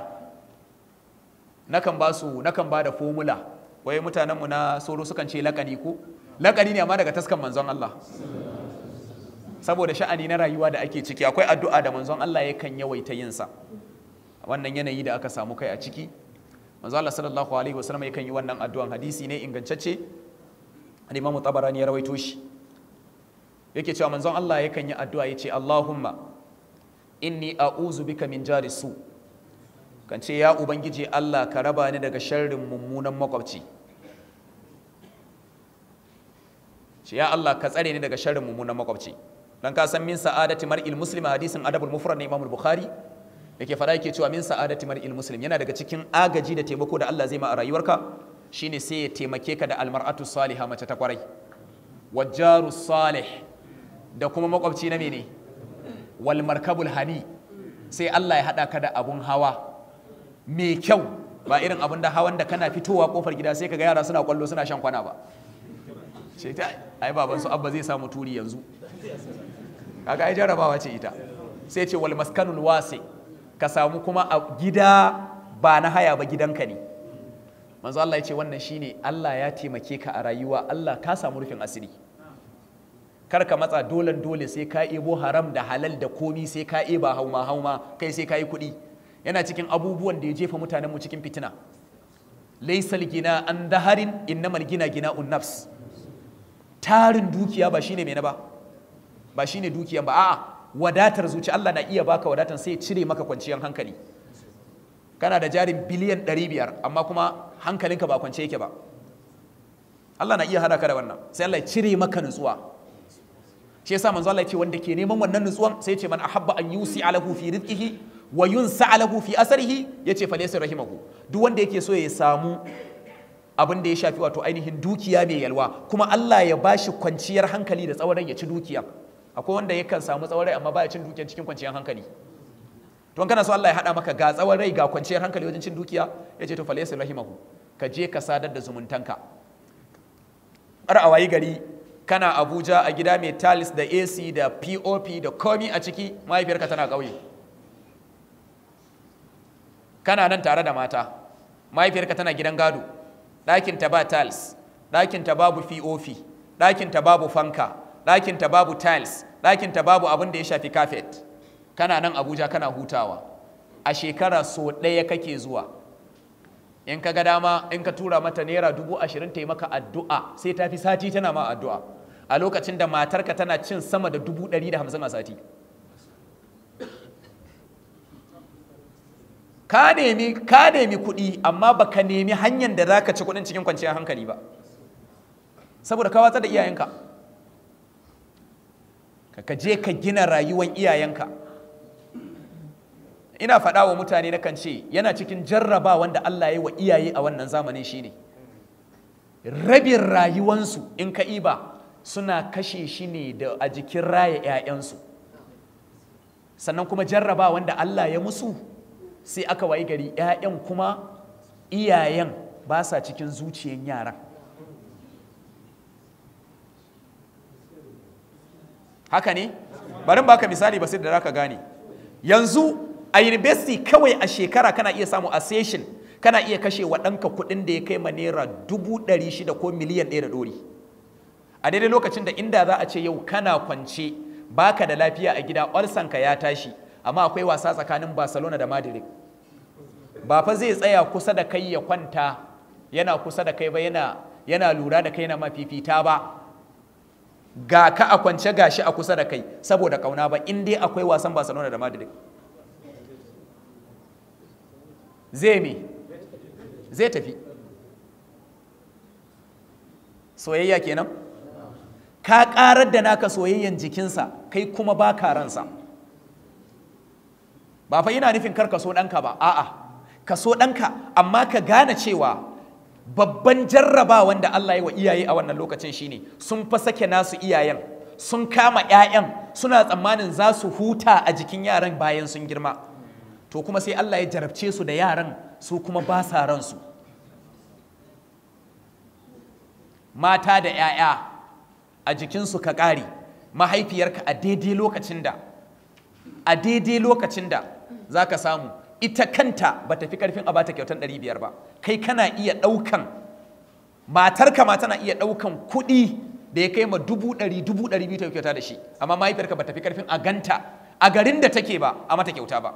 nakan ba su nakan ba da fomula wai mutanenmu na soro sukan ce lakani ko lakani ne amma daga taskan manzon Allah saboda sha'ani na rayuwa da ake ciki akwai addu'a da manzon Allah yakan yawaita yin sa wannan yanayi da aka samu kai a ciki manzon Allah sallallahu alaihi wasallam yakan yi wannan addu'an hadisi ne ingantacce al-Imam Tabarani ya rawaito shi yake cewa manzon Allah yakan yi addu'a yace Allahumma inni a'uzu bika min jari su kan ce ya ubangiji Allah ka raba ni daga sharrin mummunan makwabci ce ya Allah ka tsare ni daga sharrin mummunan makwabci dan ka san min sa'adati mar'il muslim hadisin adabul mufrad na Imam Bukhari yake fara yake cewa min sa'adati mar'il muslim yana daga cikin agaji da taimako da Allah zai ma a rayuwarka shine sai ya taimake ka da almar'atu salihah mace ta kwarai wajjaru salih da kuma makwabci na mene wal markabul hani sai Allah ya hada ka da abun hawa mai kyau ba irin abun da hawan da kana fitowa kofar gida sai ka ga yara suna kwallo suna shan kwana ba ai baban su abba zai samu turi yanzu kaga ai jarabawa ce ita sai ce wal maskanul wasi ka samu kuma a gida ba na haya ba gidanka ne manzo Allah ya ce wannan shine Allah ya taimake ka a rayuwa Allah ka samu rufin asiri kar ka matsa dolan dole sai ka ebo haram da halal da komi sai ka eba hauma hauma kai sai ka yi kuɗi yana cikin abubuwan da ya jefa mutanen mu cikin fitina laisal gina an daharin innamal gina gina un nafs tarin dukiya ba shine mai ba ba shi ne dukiya ba a'a wadatar zuci Allah na iya baka wadatar sai cire maka kwanciyar hankali kana da jarin biliyan 500 amma kuma hankalinka ba kwance yake ba Allah na iya hada ka da wannan sai Allah ya cire maka nutsuwa shi yasa manzo Allah ya ce wanda ke neman wannan nutsuwan sai ya ce man ahabba an yusi alahu fi rizqihi wa yunsa alahu fi asarihi yace laysa rahimahu duk wanda yake so ya samu abin da ya shafi wato ainihin dukiya mai yalwa kuma Allah ya bashi kwanciyar hankali da tsawon ya ci dukiya akwai wanda yakan samu tsawon rai amma baya cin dukiya cikin kwanciyar hankali to kana so Allah ya hada maka ga tsawon rai ga kwanciyar hankali wajen cin dukiya yace to falaysa rahimahu ka je ka sadar da zumuntanka ar a wayi gari kana Abuja a gida mai talis da AC da POP da komi a ciki mahaifiyarka tana ƙauye kana nan tare da mata mahaifiyarka tana gidan gado ɗakinta ba tiles ɗakinta babu POP ɗakinta babu fanka ɗakinta babu tiles ɗakinta babu abin da ya shafi kafet kana nan abuja kana hutawa a shekara so ɗaya kake zuwa in ka ga dama in ka tura mata naira dubu ashirin ta yi maka addu'a sai ta fi sati tana ma addu'a a lokacin da matarka tana cin sama da dubu ɗari da hamsin a sati ka nemi ka nemi kuɗi amma baka nemi hanyar da za ka ci kuɗin cikin kwanciyar hankali ba saboda ka watsar da iyayenka ka je ka gina rayuwar iyayenka ina faɗa wa mutane na kan ce yana cikin jarraba wanda Allah ya yi wa iyaye a wannan zamanin shine rabin rayuwansu in ka iba suna kashe shi ne da a jikin raya 'ya'yansu sannan kuma jarraba wanda Allah ya musu sai aka wayi gari 'ya'yan kuma iyayen ba sa cikin zuciyar yaran haka ne bari baka misali ba sai da zaka gane yanzu a university kawai a shekara kana iya samu a session kana iya kashe wa ɗanka kuɗin da ya kai ma naira dubu ɗari shida ko miliyan ɗaya da ɗori a daidai lokacin da inda za a ce yau kana kwance baka da lafiya a gida olsanka ya tashi amma akwai wasa tsakanin barcelona da madrid ba fa zai tsaya kusa da kai ya kwanta yana kusa da kai ba yana yana lura da kai na mafifita ba ga ka a kwance gashi a kusa da kai saboda kauna ba in dai akwai wasan Barcelona da Madrid zai me zai tafi soyayya kenan ka karar da naka soyayyan jikinsa kai kuma ba ka ransa ba fa ina nufin kar ka so ɗanka ba a'a ka so ɗanka amma ka gane cewa babban jarraba wanda Allah ya wa iyaye a wannan lokacin shine sun fa sake nasu iyayen sun kama 'ya'yan suna tsammanin za su huta a jikin yaran bayan sun girma to kuma sai Allah ya jarabce su da yaran su kuma ba sa ransu mata da 'ya'ya a jikinsu ka kare mahaifiyarka a daidai lokacin da a daidai lokacin da za samu ita kanta ba ta fi ƙarfin a bata kyautan 500 ba kai kana iya ɗaukan matarka ma tana iya ɗaukan kuɗi da ya kai ma dubu ɗari dubu ɗari biyu ta kyauta da shi amma mahaifiyarka ba ta fi ƙarfin a ganta a garin da take ba a mata kyauta ba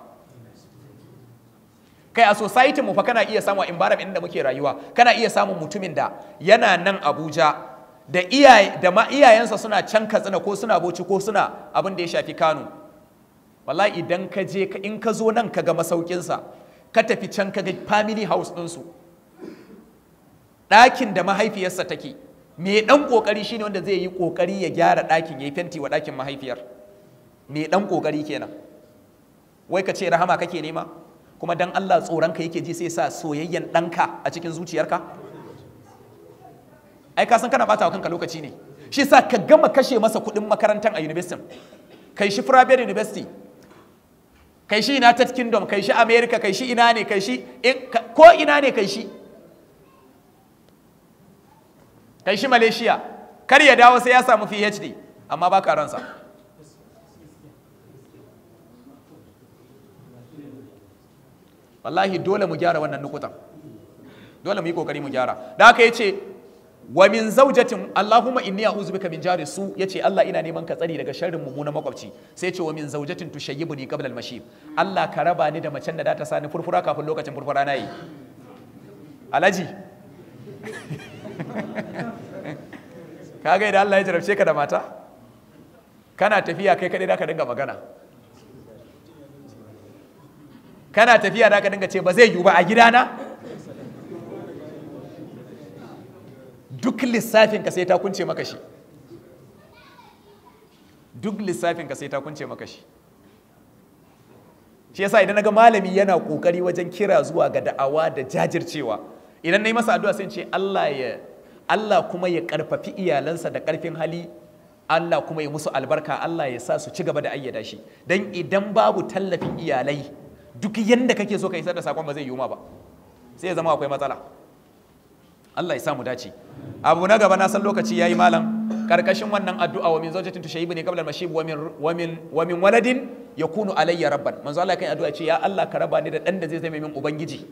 kai a society mu fa kana iya samu a environment inda muke rayuwa kana iya samun mutumin da yana nan Abuja da iyaye da ma iyayensa suna can Katsina ko suna boci ko suna abin da ya shafi Kano wallahi idan ka je in ka zo nan ka ga masaukinsa ka tafi can ka ga family house su. ɗakin da mahaifiyarsa take mai ɗan ƙoƙari shine wanda zai yi ƙoƙari ya gyara ɗakin ya yi fenti wa ɗakin mahaifiyar mai ɗan ƙoƙari kenan wai ka ce rahama kake nema kuma dan Allah tsoronka yake ji sai sa soyayyen ɗanka a cikin zuciyarka ai ka san kana bata wa kanka lokaci ne shi sa ka gama kashe masa kuɗin makarantar a university kai shi private university kai shi united kingdom kai shi america kai shi ina ne kai shi ko ina ne kai shi kai shi malaysia kar ya dawo sai ya samu phd amma ba ka ransa wallahi dole mu gyara wannan nukutan dole mu yi kokari mu gyara da haka yace wa min zaujatin allahumma inni a'udhu bika min jari su yace Allah ina neman ka tsari daga sharrin mummunan makwabci sai yace wa min zaujatin tushayyibuni qabla al-mashib Allah ka raba ni da macen da ta sani furfura kafin lokacin furfura nayi alaji kaga idan Allah ya jarabce ka da mata kana tafiya kai kadai ka dinga magana kana tafiya da ka dinga ce ba zai yiwu ba a gidana duk lissafin ka sai ta kunce maka shi duk lissafin ka sai ta kunce maka shi shi yasa idan naga malami yana kokari wajen kira zuwa ga da'awa da jajircewa idan na yi masa addu'a sai ce Allah ya Allah kuma ya karfafi iyalansa da karfin hali Allah kuma ya musu albarka Allah ya sa su ci gaba da ayyada shi dan idan babu tallafin iyalai duk yadda kake so ka isar da sakon ba zai yiwu ba sai ya zama akwai matsala Allah ya samu dace abu na gaba na san lokaci yayi malam karkashin wannan addu'a wa min zawjatin tushayyibu ne qabla al-mashib wa min wa min wa min waladin yakunu alayya rabban manzo Allah kai addu'a ce ya Allah ka raba ni da dan da zai zama min ubangiji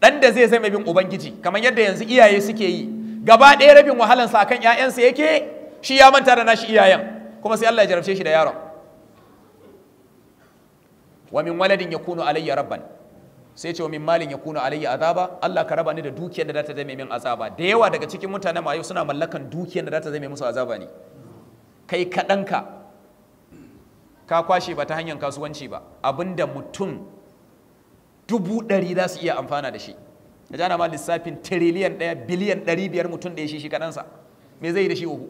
Ɗan da zai zama bin ubangiji kamar yadda yanzu iyaye suke yi gaba ɗaya rabin wahalan sa akan ƴaƴansa yake shi ya manta da nashi iyayen kuma sai Allah ya jarabce shi da yaron wa min waladin yakunu alayya rabban sai ce wa min malin yakunu alayya azaba Allah ka raba ni da dukiyar da zata zame min azaba da yawa daga cikin mutanen mayu suna mallakan dukiyar da zata zame musu azaba ne kai kaɗanka ka kwashe ba ta hanyar kasuwanci ba abinda mutum dubu ɗari za su iya amfana da shi da jana ma lissafin tiriliyan ɗaya biliyan ɗari biyar mutum da ya shi shi kaɗansa me zai yi da shi uku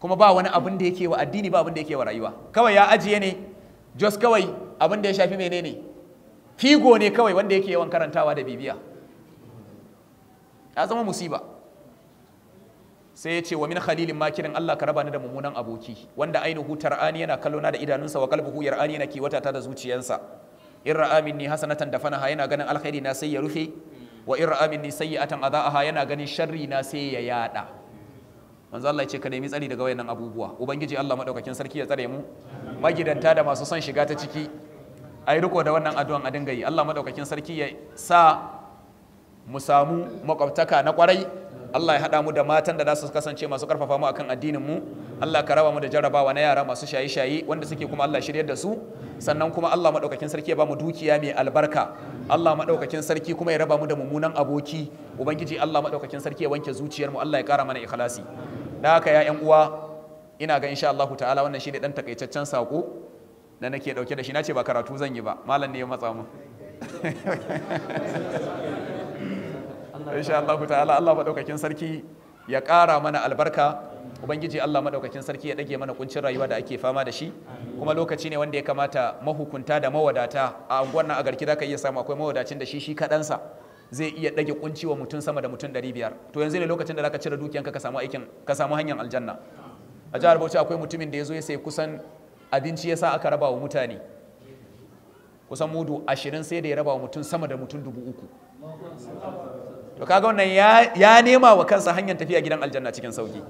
kuma ba wani abin da yake wa addini ba abin da yake wa rayuwa kawai ya ajiye ne jos kawai abin da ya shafi menene figo ne kawai wanda yake yawan karantawa da bibiya ya zama musiba sai ya ce wa min khalilin kiran Allah ka raba ni da mummunan aboki wanda ainihu tar'ani yana kallona da idanunsa wa qalbuhu yar'ani yana kiwata ta da zuciyansa in ra'a minni hasanatan dafanaha yana ganin alkhairi na sai ya rufe wa in ra'a minni sayyi'atan adha'aha yana ganin sharri na sai ya yada manzo Allah ya ce ka nemi tsari daga wayannan abubuwa ubangiji Allah madaukakin sarki ya tsare mu magidanta da masu son shiga ta ciki ai riko da wannan addu'an a dinga yi Allah madaukakin sarki ya sa mu samu makwabtaka na kwarai Allah ya haɗa mu da matan da za su kasance masu ƙarfafa mu akan addinin mu Allah ka raba mu da jarrabawa na yara masu shaye-shaye wanda suke kuma Allah shiryar da su sannan kuma Allah madaukakin sarki ya ba mu dukiya mai albarka Allah madaukakin sarki kuma ya raba mu da mummunan aboki ubangiji Allah madaukakin sarki ya wanke zuciyar mu Allah ya kara mana ikhlasi da haka ya ƴan uwa ina ga insha Allah ta'ala wannan shine dan takaitaccen sako da nake dauke da shi nace ba karatu zan yi ba malam ne ya matsa mu insha Allah ta'ala Allah madaukakin sarki ya kara mana albarka ubangiji Allah madaukakin sarki ya dage mana kuncin rayuwa da ake fama da shi kuma lokaci ne wanda ya kamata mahukunta da mawadata a anguwar nan a garki zaka iya samu akwai mawadacin da shi shi kadansa zai iya dage kunci wa mutum sama da mutum 500 to yanzu ne lokacin da zaka cire dukiyanka ka samu aikin ka samu hanyar aljanna a jihar Bauchi akwai mutumin da ya zo ya sai kusan abinci ya sa aka raba wa mutane kusan mudu ashirin sai da ya raba wa mutum sama da mutum dubu uku to kaga wannan ya nema wa kansa hanyar tafiya gidan aljanna cikin sauki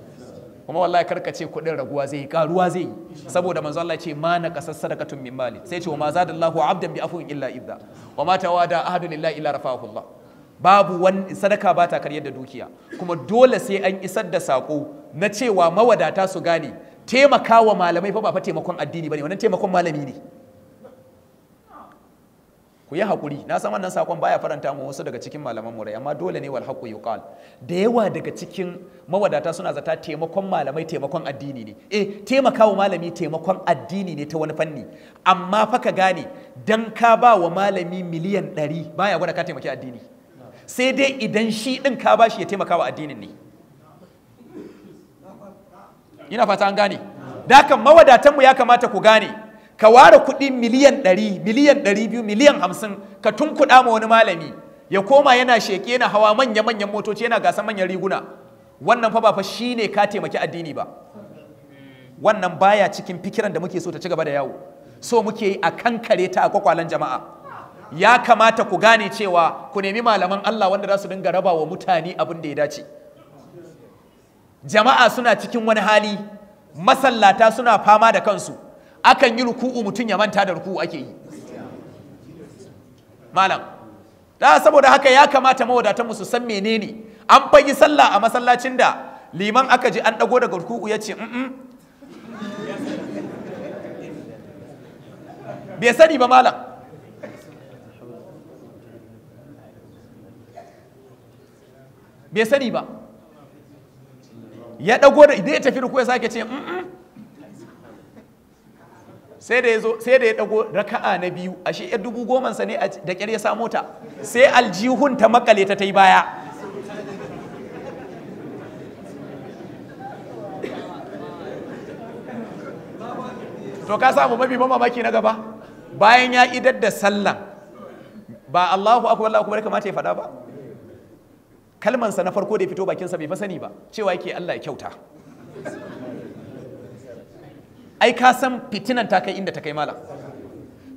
kuma wallahi karka ce kuɗin raguwa zai yi karuwa zai yi saboda manzo Allah ce ma na kasar sadakatun min mali sai ce wa ma zadallahu abdan bi afwin illa idda wa ma tawada ahadu lillahi illa rafa'ahu Allah babu wani sadaka ba ta karyar da dukiya kuma dole sai an isar da sako na cewa mawadata su gane taimakawa malamai fa ba fa taimakon addini bane wannan taimakon malami ne ku yi hakuri na san wannan sakon baya faranta mu wasu daga cikin malaman mu rai amma dole ne wal haqu yuqal da yawa daga cikin mawadata suna zata taimakon malamai taimakon addini ne eh taimakawa malami taimakon addini ne ta wani fanni amma fa ka gane dan ka ba wa malami miliyan 100 baya gwada ka taimaki addini sai dai idan shi din ka bashi ya taimakawa addinin ne ina fata an gane dakan mawadatanmu ya kamata ku gane ka ware kuɗi miliyan ɗari miliyan ɗari biyu miliyan hamsin ka tunkuɗa ma wani malami ya koma yana sheke yana hawa manya-manyan motoci yana gasa manyan riguna wannan fa ba fa shine ka taimaki addini ba wannan baya cikin fikiran da muke so ta ci gaba da yawo so muke yi a kankare ta a kwakwalan jama'a ya kamata ku gane cewa ku nemi malaman Allah wanda za su dinga raba wa mutane abin da ya dace jama'a suna cikin wani hali masallata suna fama da kansu akan yi ruku'u mutum ya manta da ruku'u ake yi malam da saboda haka ya kamata mawadatan mu su san menene an fagi sallah a masallacin da liman aka ji an dago daga ruku'u ya ce bai sani ba malam bai sani ba ya dago da idan ya tafi ruku ya sake ce mm sai da ya zo sai da ya dago raka'a na biyu ashe yar dubu goman sa ne da kyar ya samu ta sai aljihun ta makale ta tai baya to ka samu mafi ba mamaki na gaba bayan ya idar da sallan ba Allahu akbar Allahu akbar kamata ya fada ba kalmansa na farko da ya fito bakinsa bai fa sani ba cewa yake Allah ya kyauta ai ka san fitinan ta kai inda ta kai malam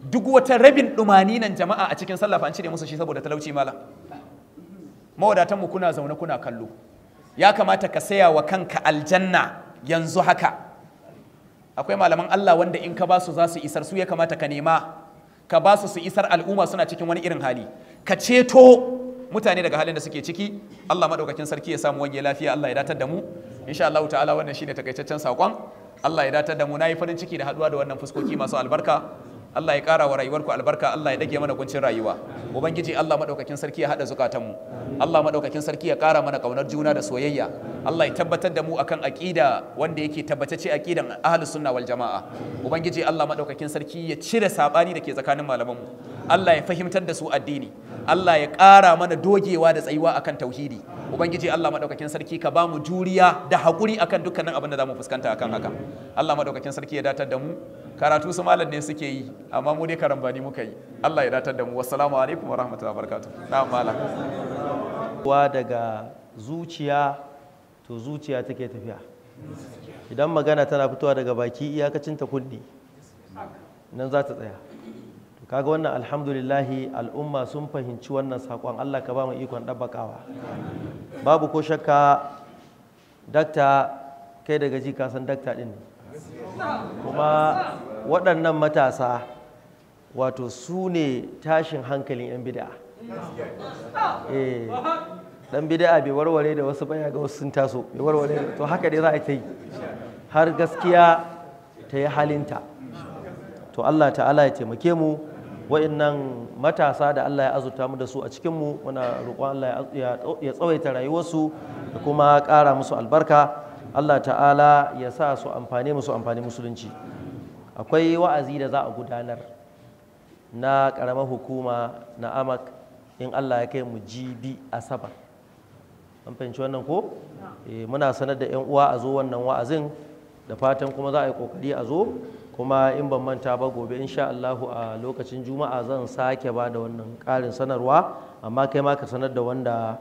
duk wata rabin dumani nan jama'a a cikin sallah fa an cire musu shi saboda talauci malam mawadatan mu kuna zaune kuna kallo ya kamata ka saya wa kanka aljanna yanzu haka akwai malaman Allah wanda in ka ba su za su isar su ya kamata ka nema ka ba su su isar al'umma suna cikin wani irin hali ka ceto mutane daga halin da suke ciki Allah madaukakin sarki ya samu wani lafiya Allah ya datar da mu insha Allah ta'ala wannan shine takaitaccen sakon Allah ya datar da mu nayi farin ciki da haduwa da wannan fuskoki masu albarka Allah ya kara wa rayuwarku albarka Allah ya dage mana kuncin rayuwa ubangiji Allah madaukakin sarki ya hada zukatan mu Allah madaukakin sarki ya kara mana kaunar juna da soyayya Allah ya tabbatar da mu akan aqida wanda yake tabbatacce aqidan ahlus sunna wal jamaa ubangiji Allah madaukakin sarki ya cire sabani da ke tsakanin malaman mu Allah ya fahimtar da su addini Allah ya ƙara mana dogewa da tsayuwa akan tauhidi ubangiji Allah madaukakin sarki ka bamu juriya da haƙuri akan dukkanin abin da zamu fuskanta akan haka Allah madaukakin sarki ya datar da mu karatu su malam ne suke yi amma mu dai karambani muka yi Allah ya datar da mu wassalamu alaikum wa rahmatullahi wa barakatuh na'am malam wa daga zuciya to zuciya take tafiya idan magana tana fitowa daga baki iyakacinta kulli nan za ta tsaya kaga wannan alhamdulillahi al'umma sun fahimci wannan sakon Allah ka ba mu ikon ɗabbakawa babu ko shakka dakta kai daga ji kasan dakta ɗin kuma waɗannan matasa wato su ne tashin hankalin 'yan bida dan eh, bida bai warware da wasu baya ga wasu sun taso bai warware da to haka dai za a yi har gaskiya ta yi halinta to Allah ta'ala ya taimake mu wa'annan matasa da Allah ya azurta mu da su a cikinmu muna roƙon Allah ya tsawaita rayuwarsu da kuma ƙara musu albarka Allah ta'ala ya sa su amfani musu amfani musulunci akwai wa'azi da za a gudanar na ƙaramar hukuma na amak in Allah ya kai mu jibi asabar an fahimci wannan ko eh, muna sanar da 'yan uwa a zo wannan wa'azin da fatan kuma za a yi ƙoƙari a zo kuma in ban manta ba gobe insha Allahu a lokacin juma'a zan sake ba da wannan ƙarin sanarwa amma kai ma ka sanar da wanda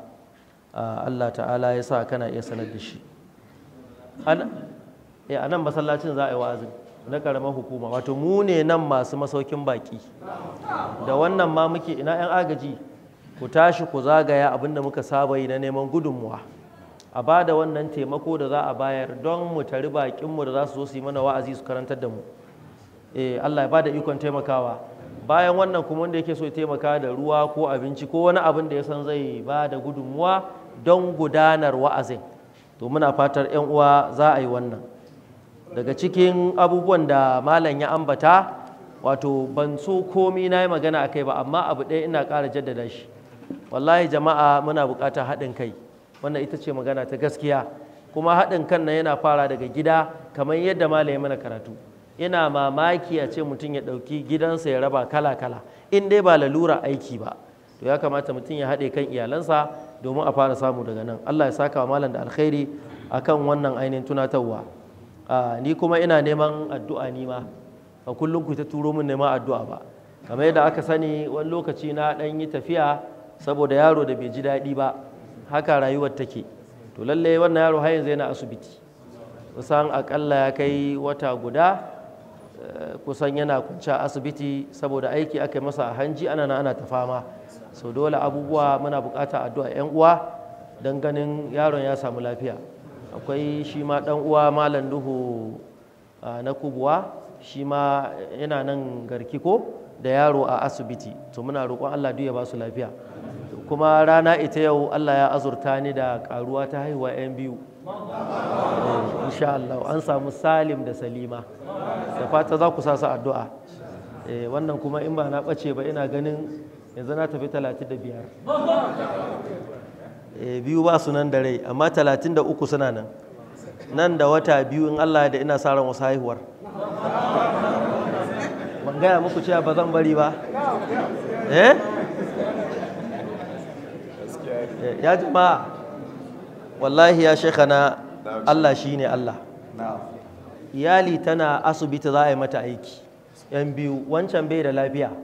Allah ta'ala ya sa kana iya sanar da shi eh, a nan masallacin za a yi wa'azin na karamar hukuma wato mu ne nan masu masaukin baki da wannan ma muke ina 'yan agaji ku tashi ku zagaya abinda muka saba yi na neman gudunmuwa a ba da wannan taimako da za a bayar don mu tari bakinmu da za su zo su yi mana wa'azi su karantar da mu eh Allah ya bada ikon taimakawa bayan wannan kuma wanda yake so ya taimaka da ruwa ko abinci ko wani abin da ya san zai ba da gudunmuwa don gudanar wa'azin to muna fatar 'yan uwa za a yi wannan daga cikin abubuwan da malam ya ambata wato ban so komi na yi magana a kai ba amma abu ɗaya ina ƙara jaddada shi wallahi jama'a muna buƙatar haɗin kai wannan ita ce magana ta gaskiya kuma haɗin kan nan yana fara daga gida kamar yadda malam ya mana karatu ina mamaki a ce mutum ya ɗauki gidansa ya raba kala-kala in dai ba lalura aiki ba to ya kamata mutum ya haɗe kan iyalansa domin a fara samu daga nan Allah ya saka wa malam da alkhairi kan wannan ainihin tunatarwa ni kuma ina neman addu'a ni ma ba kullum ku ta turo min neman addu'a ba kamar yadda aka sani wani lokaci na ɗan yi tafiya saboda yaro da bai ji daɗi ba haka rayuwar take to lallai wannan yaro har yanzu yana asibiti kusan akalla ya kai wata guda kusan yana kunci a asibiti saboda aiki aka masa a hanji ana na ana ta fama so dole abubuwa muna bukata addu'a yan uwa don ganin yaron ya samu lafiya akwai shi ma dan uwa malam duhu na kubuwa shi ma yana nan garki ko da yaro a asibiti to muna roƙon Allah duk ya ba su lafiya kuma rana ita yau Allah ya azurta ni da karuwa ta haihuwa yan biyu eh, insha Allah an samu Salim da Salima da fata za ku sa su addu'a eh, wannan kuma in ba na ɓace ba ina ganin yanzu na tafi talatin da eh, biyu ba su nan da rai amma talatin suna nan nan da wata biyu in Allah da ina sa ran wasu haihuwar ban gaya muku cewa ba zan bari ba eh, eh ya jama'a wallahi ya shekana Allah shi ne Allah iyali tana asibiti za a yi mata aiki yan biyu wancan bai da lafiya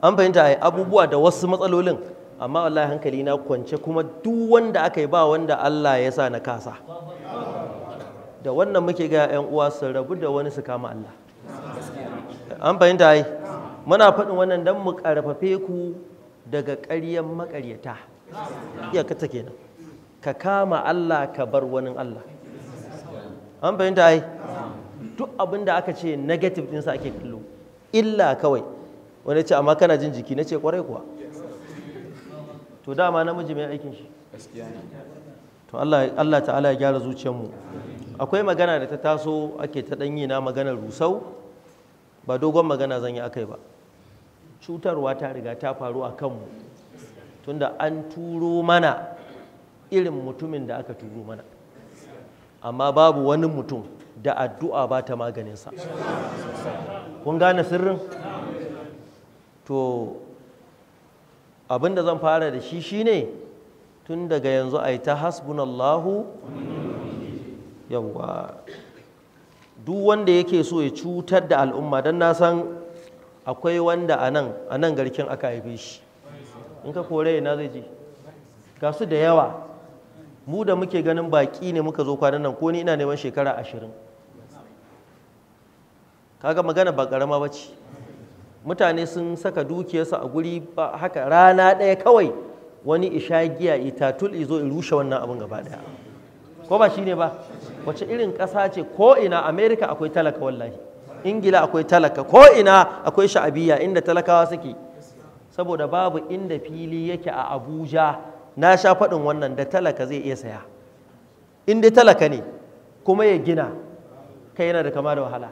an fahimta a abubuwa da wasu matsalolin amma wallahi hankali na kwance kuma duk wanda aka yi ba wanda Allah ya sa na kasa da wannan muke ga yan uwa su rabu da wani su kama Allah an fahimta ai muna faɗin wannan dan mu karfafe ku daga ƙaryan maƙaryata iyaka ta kenan ka kama Allah ka bar wani Allah an fahimta ai duk abin da aka ce negative ɗinsa ake kallo illa kawai wani ce amma kana jin jiki na ce kwarai kuwa to dama namiji mai aikin shi to Allah ta'ala ya gyara zuciyarmu akwai magana da ta taso ake ta ɗanyi na maganar rusau ba dogon magana zan yi akai ba cutarwa ta riga ta faru a kanmu tunda an turo mana irin mutumin da aka turo mana amma babu wani mutum da addu'a ba ta maganinsa kun gane sirrin to abin da zan fara da shi shi ne tun daga yanzu a yi ta hasbunallahu yawwa duk wanda yake so ya cutar da al'umma don nasan akwai wanda a nan garkin aka haife shi in ka kore na zai ji. gasu da yawa mu da muke ganin baki ne muka zo kwanan nan ko ni ina neman shekara ashirin kaga magana ba ƙarama ba ce mutane sun saka dukiyarsa a guri ba haka rana ɗaya kawai wani isha giya itatul izo in rushe wannan abin gaba ɗaya ko ba shi ne ba wace irin ƙasa ce ko ina america akwai talaka wallahi ingila akwai talaka ko ina akwai sha'abiya inda talakawa suke saboda babu inda fili yake a abuja na sha faɗin wannan da talaka zai iya saya in dai talaka ne kuma ya gina kai yana da kama da wahala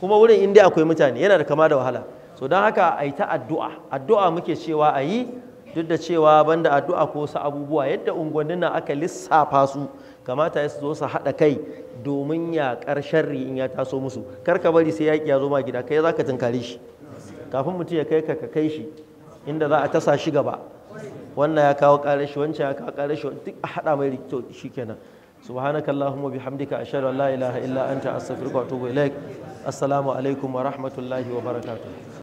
kuma wurin in dai akwai mutane yana da kama da wahala so don haka a yi ta addu'a addu'a muke cewa a yi duk da cewa banda addu'a ko wasu abubuwa yadda unguwannin nan aka lissafa su kamata ya zo su haɗa kai domin ya sharri in ya taso musu kar ka bari sai yaƙi ya zo ma gida kai za ka tunkare shi kafin mutum ya kai ka ka kai shi inda za a tasa shi gaba wannan ya kawo ƙarar wancan ya kawo ƙarar shi duk a haɗa mai rikito shikenan subhanaka allahumma bihamdika ashhadu an la ilaha illa anta astaghfiruka wa atubu ilaik assalamu alaikum wa rahmatullahi wa barakatuh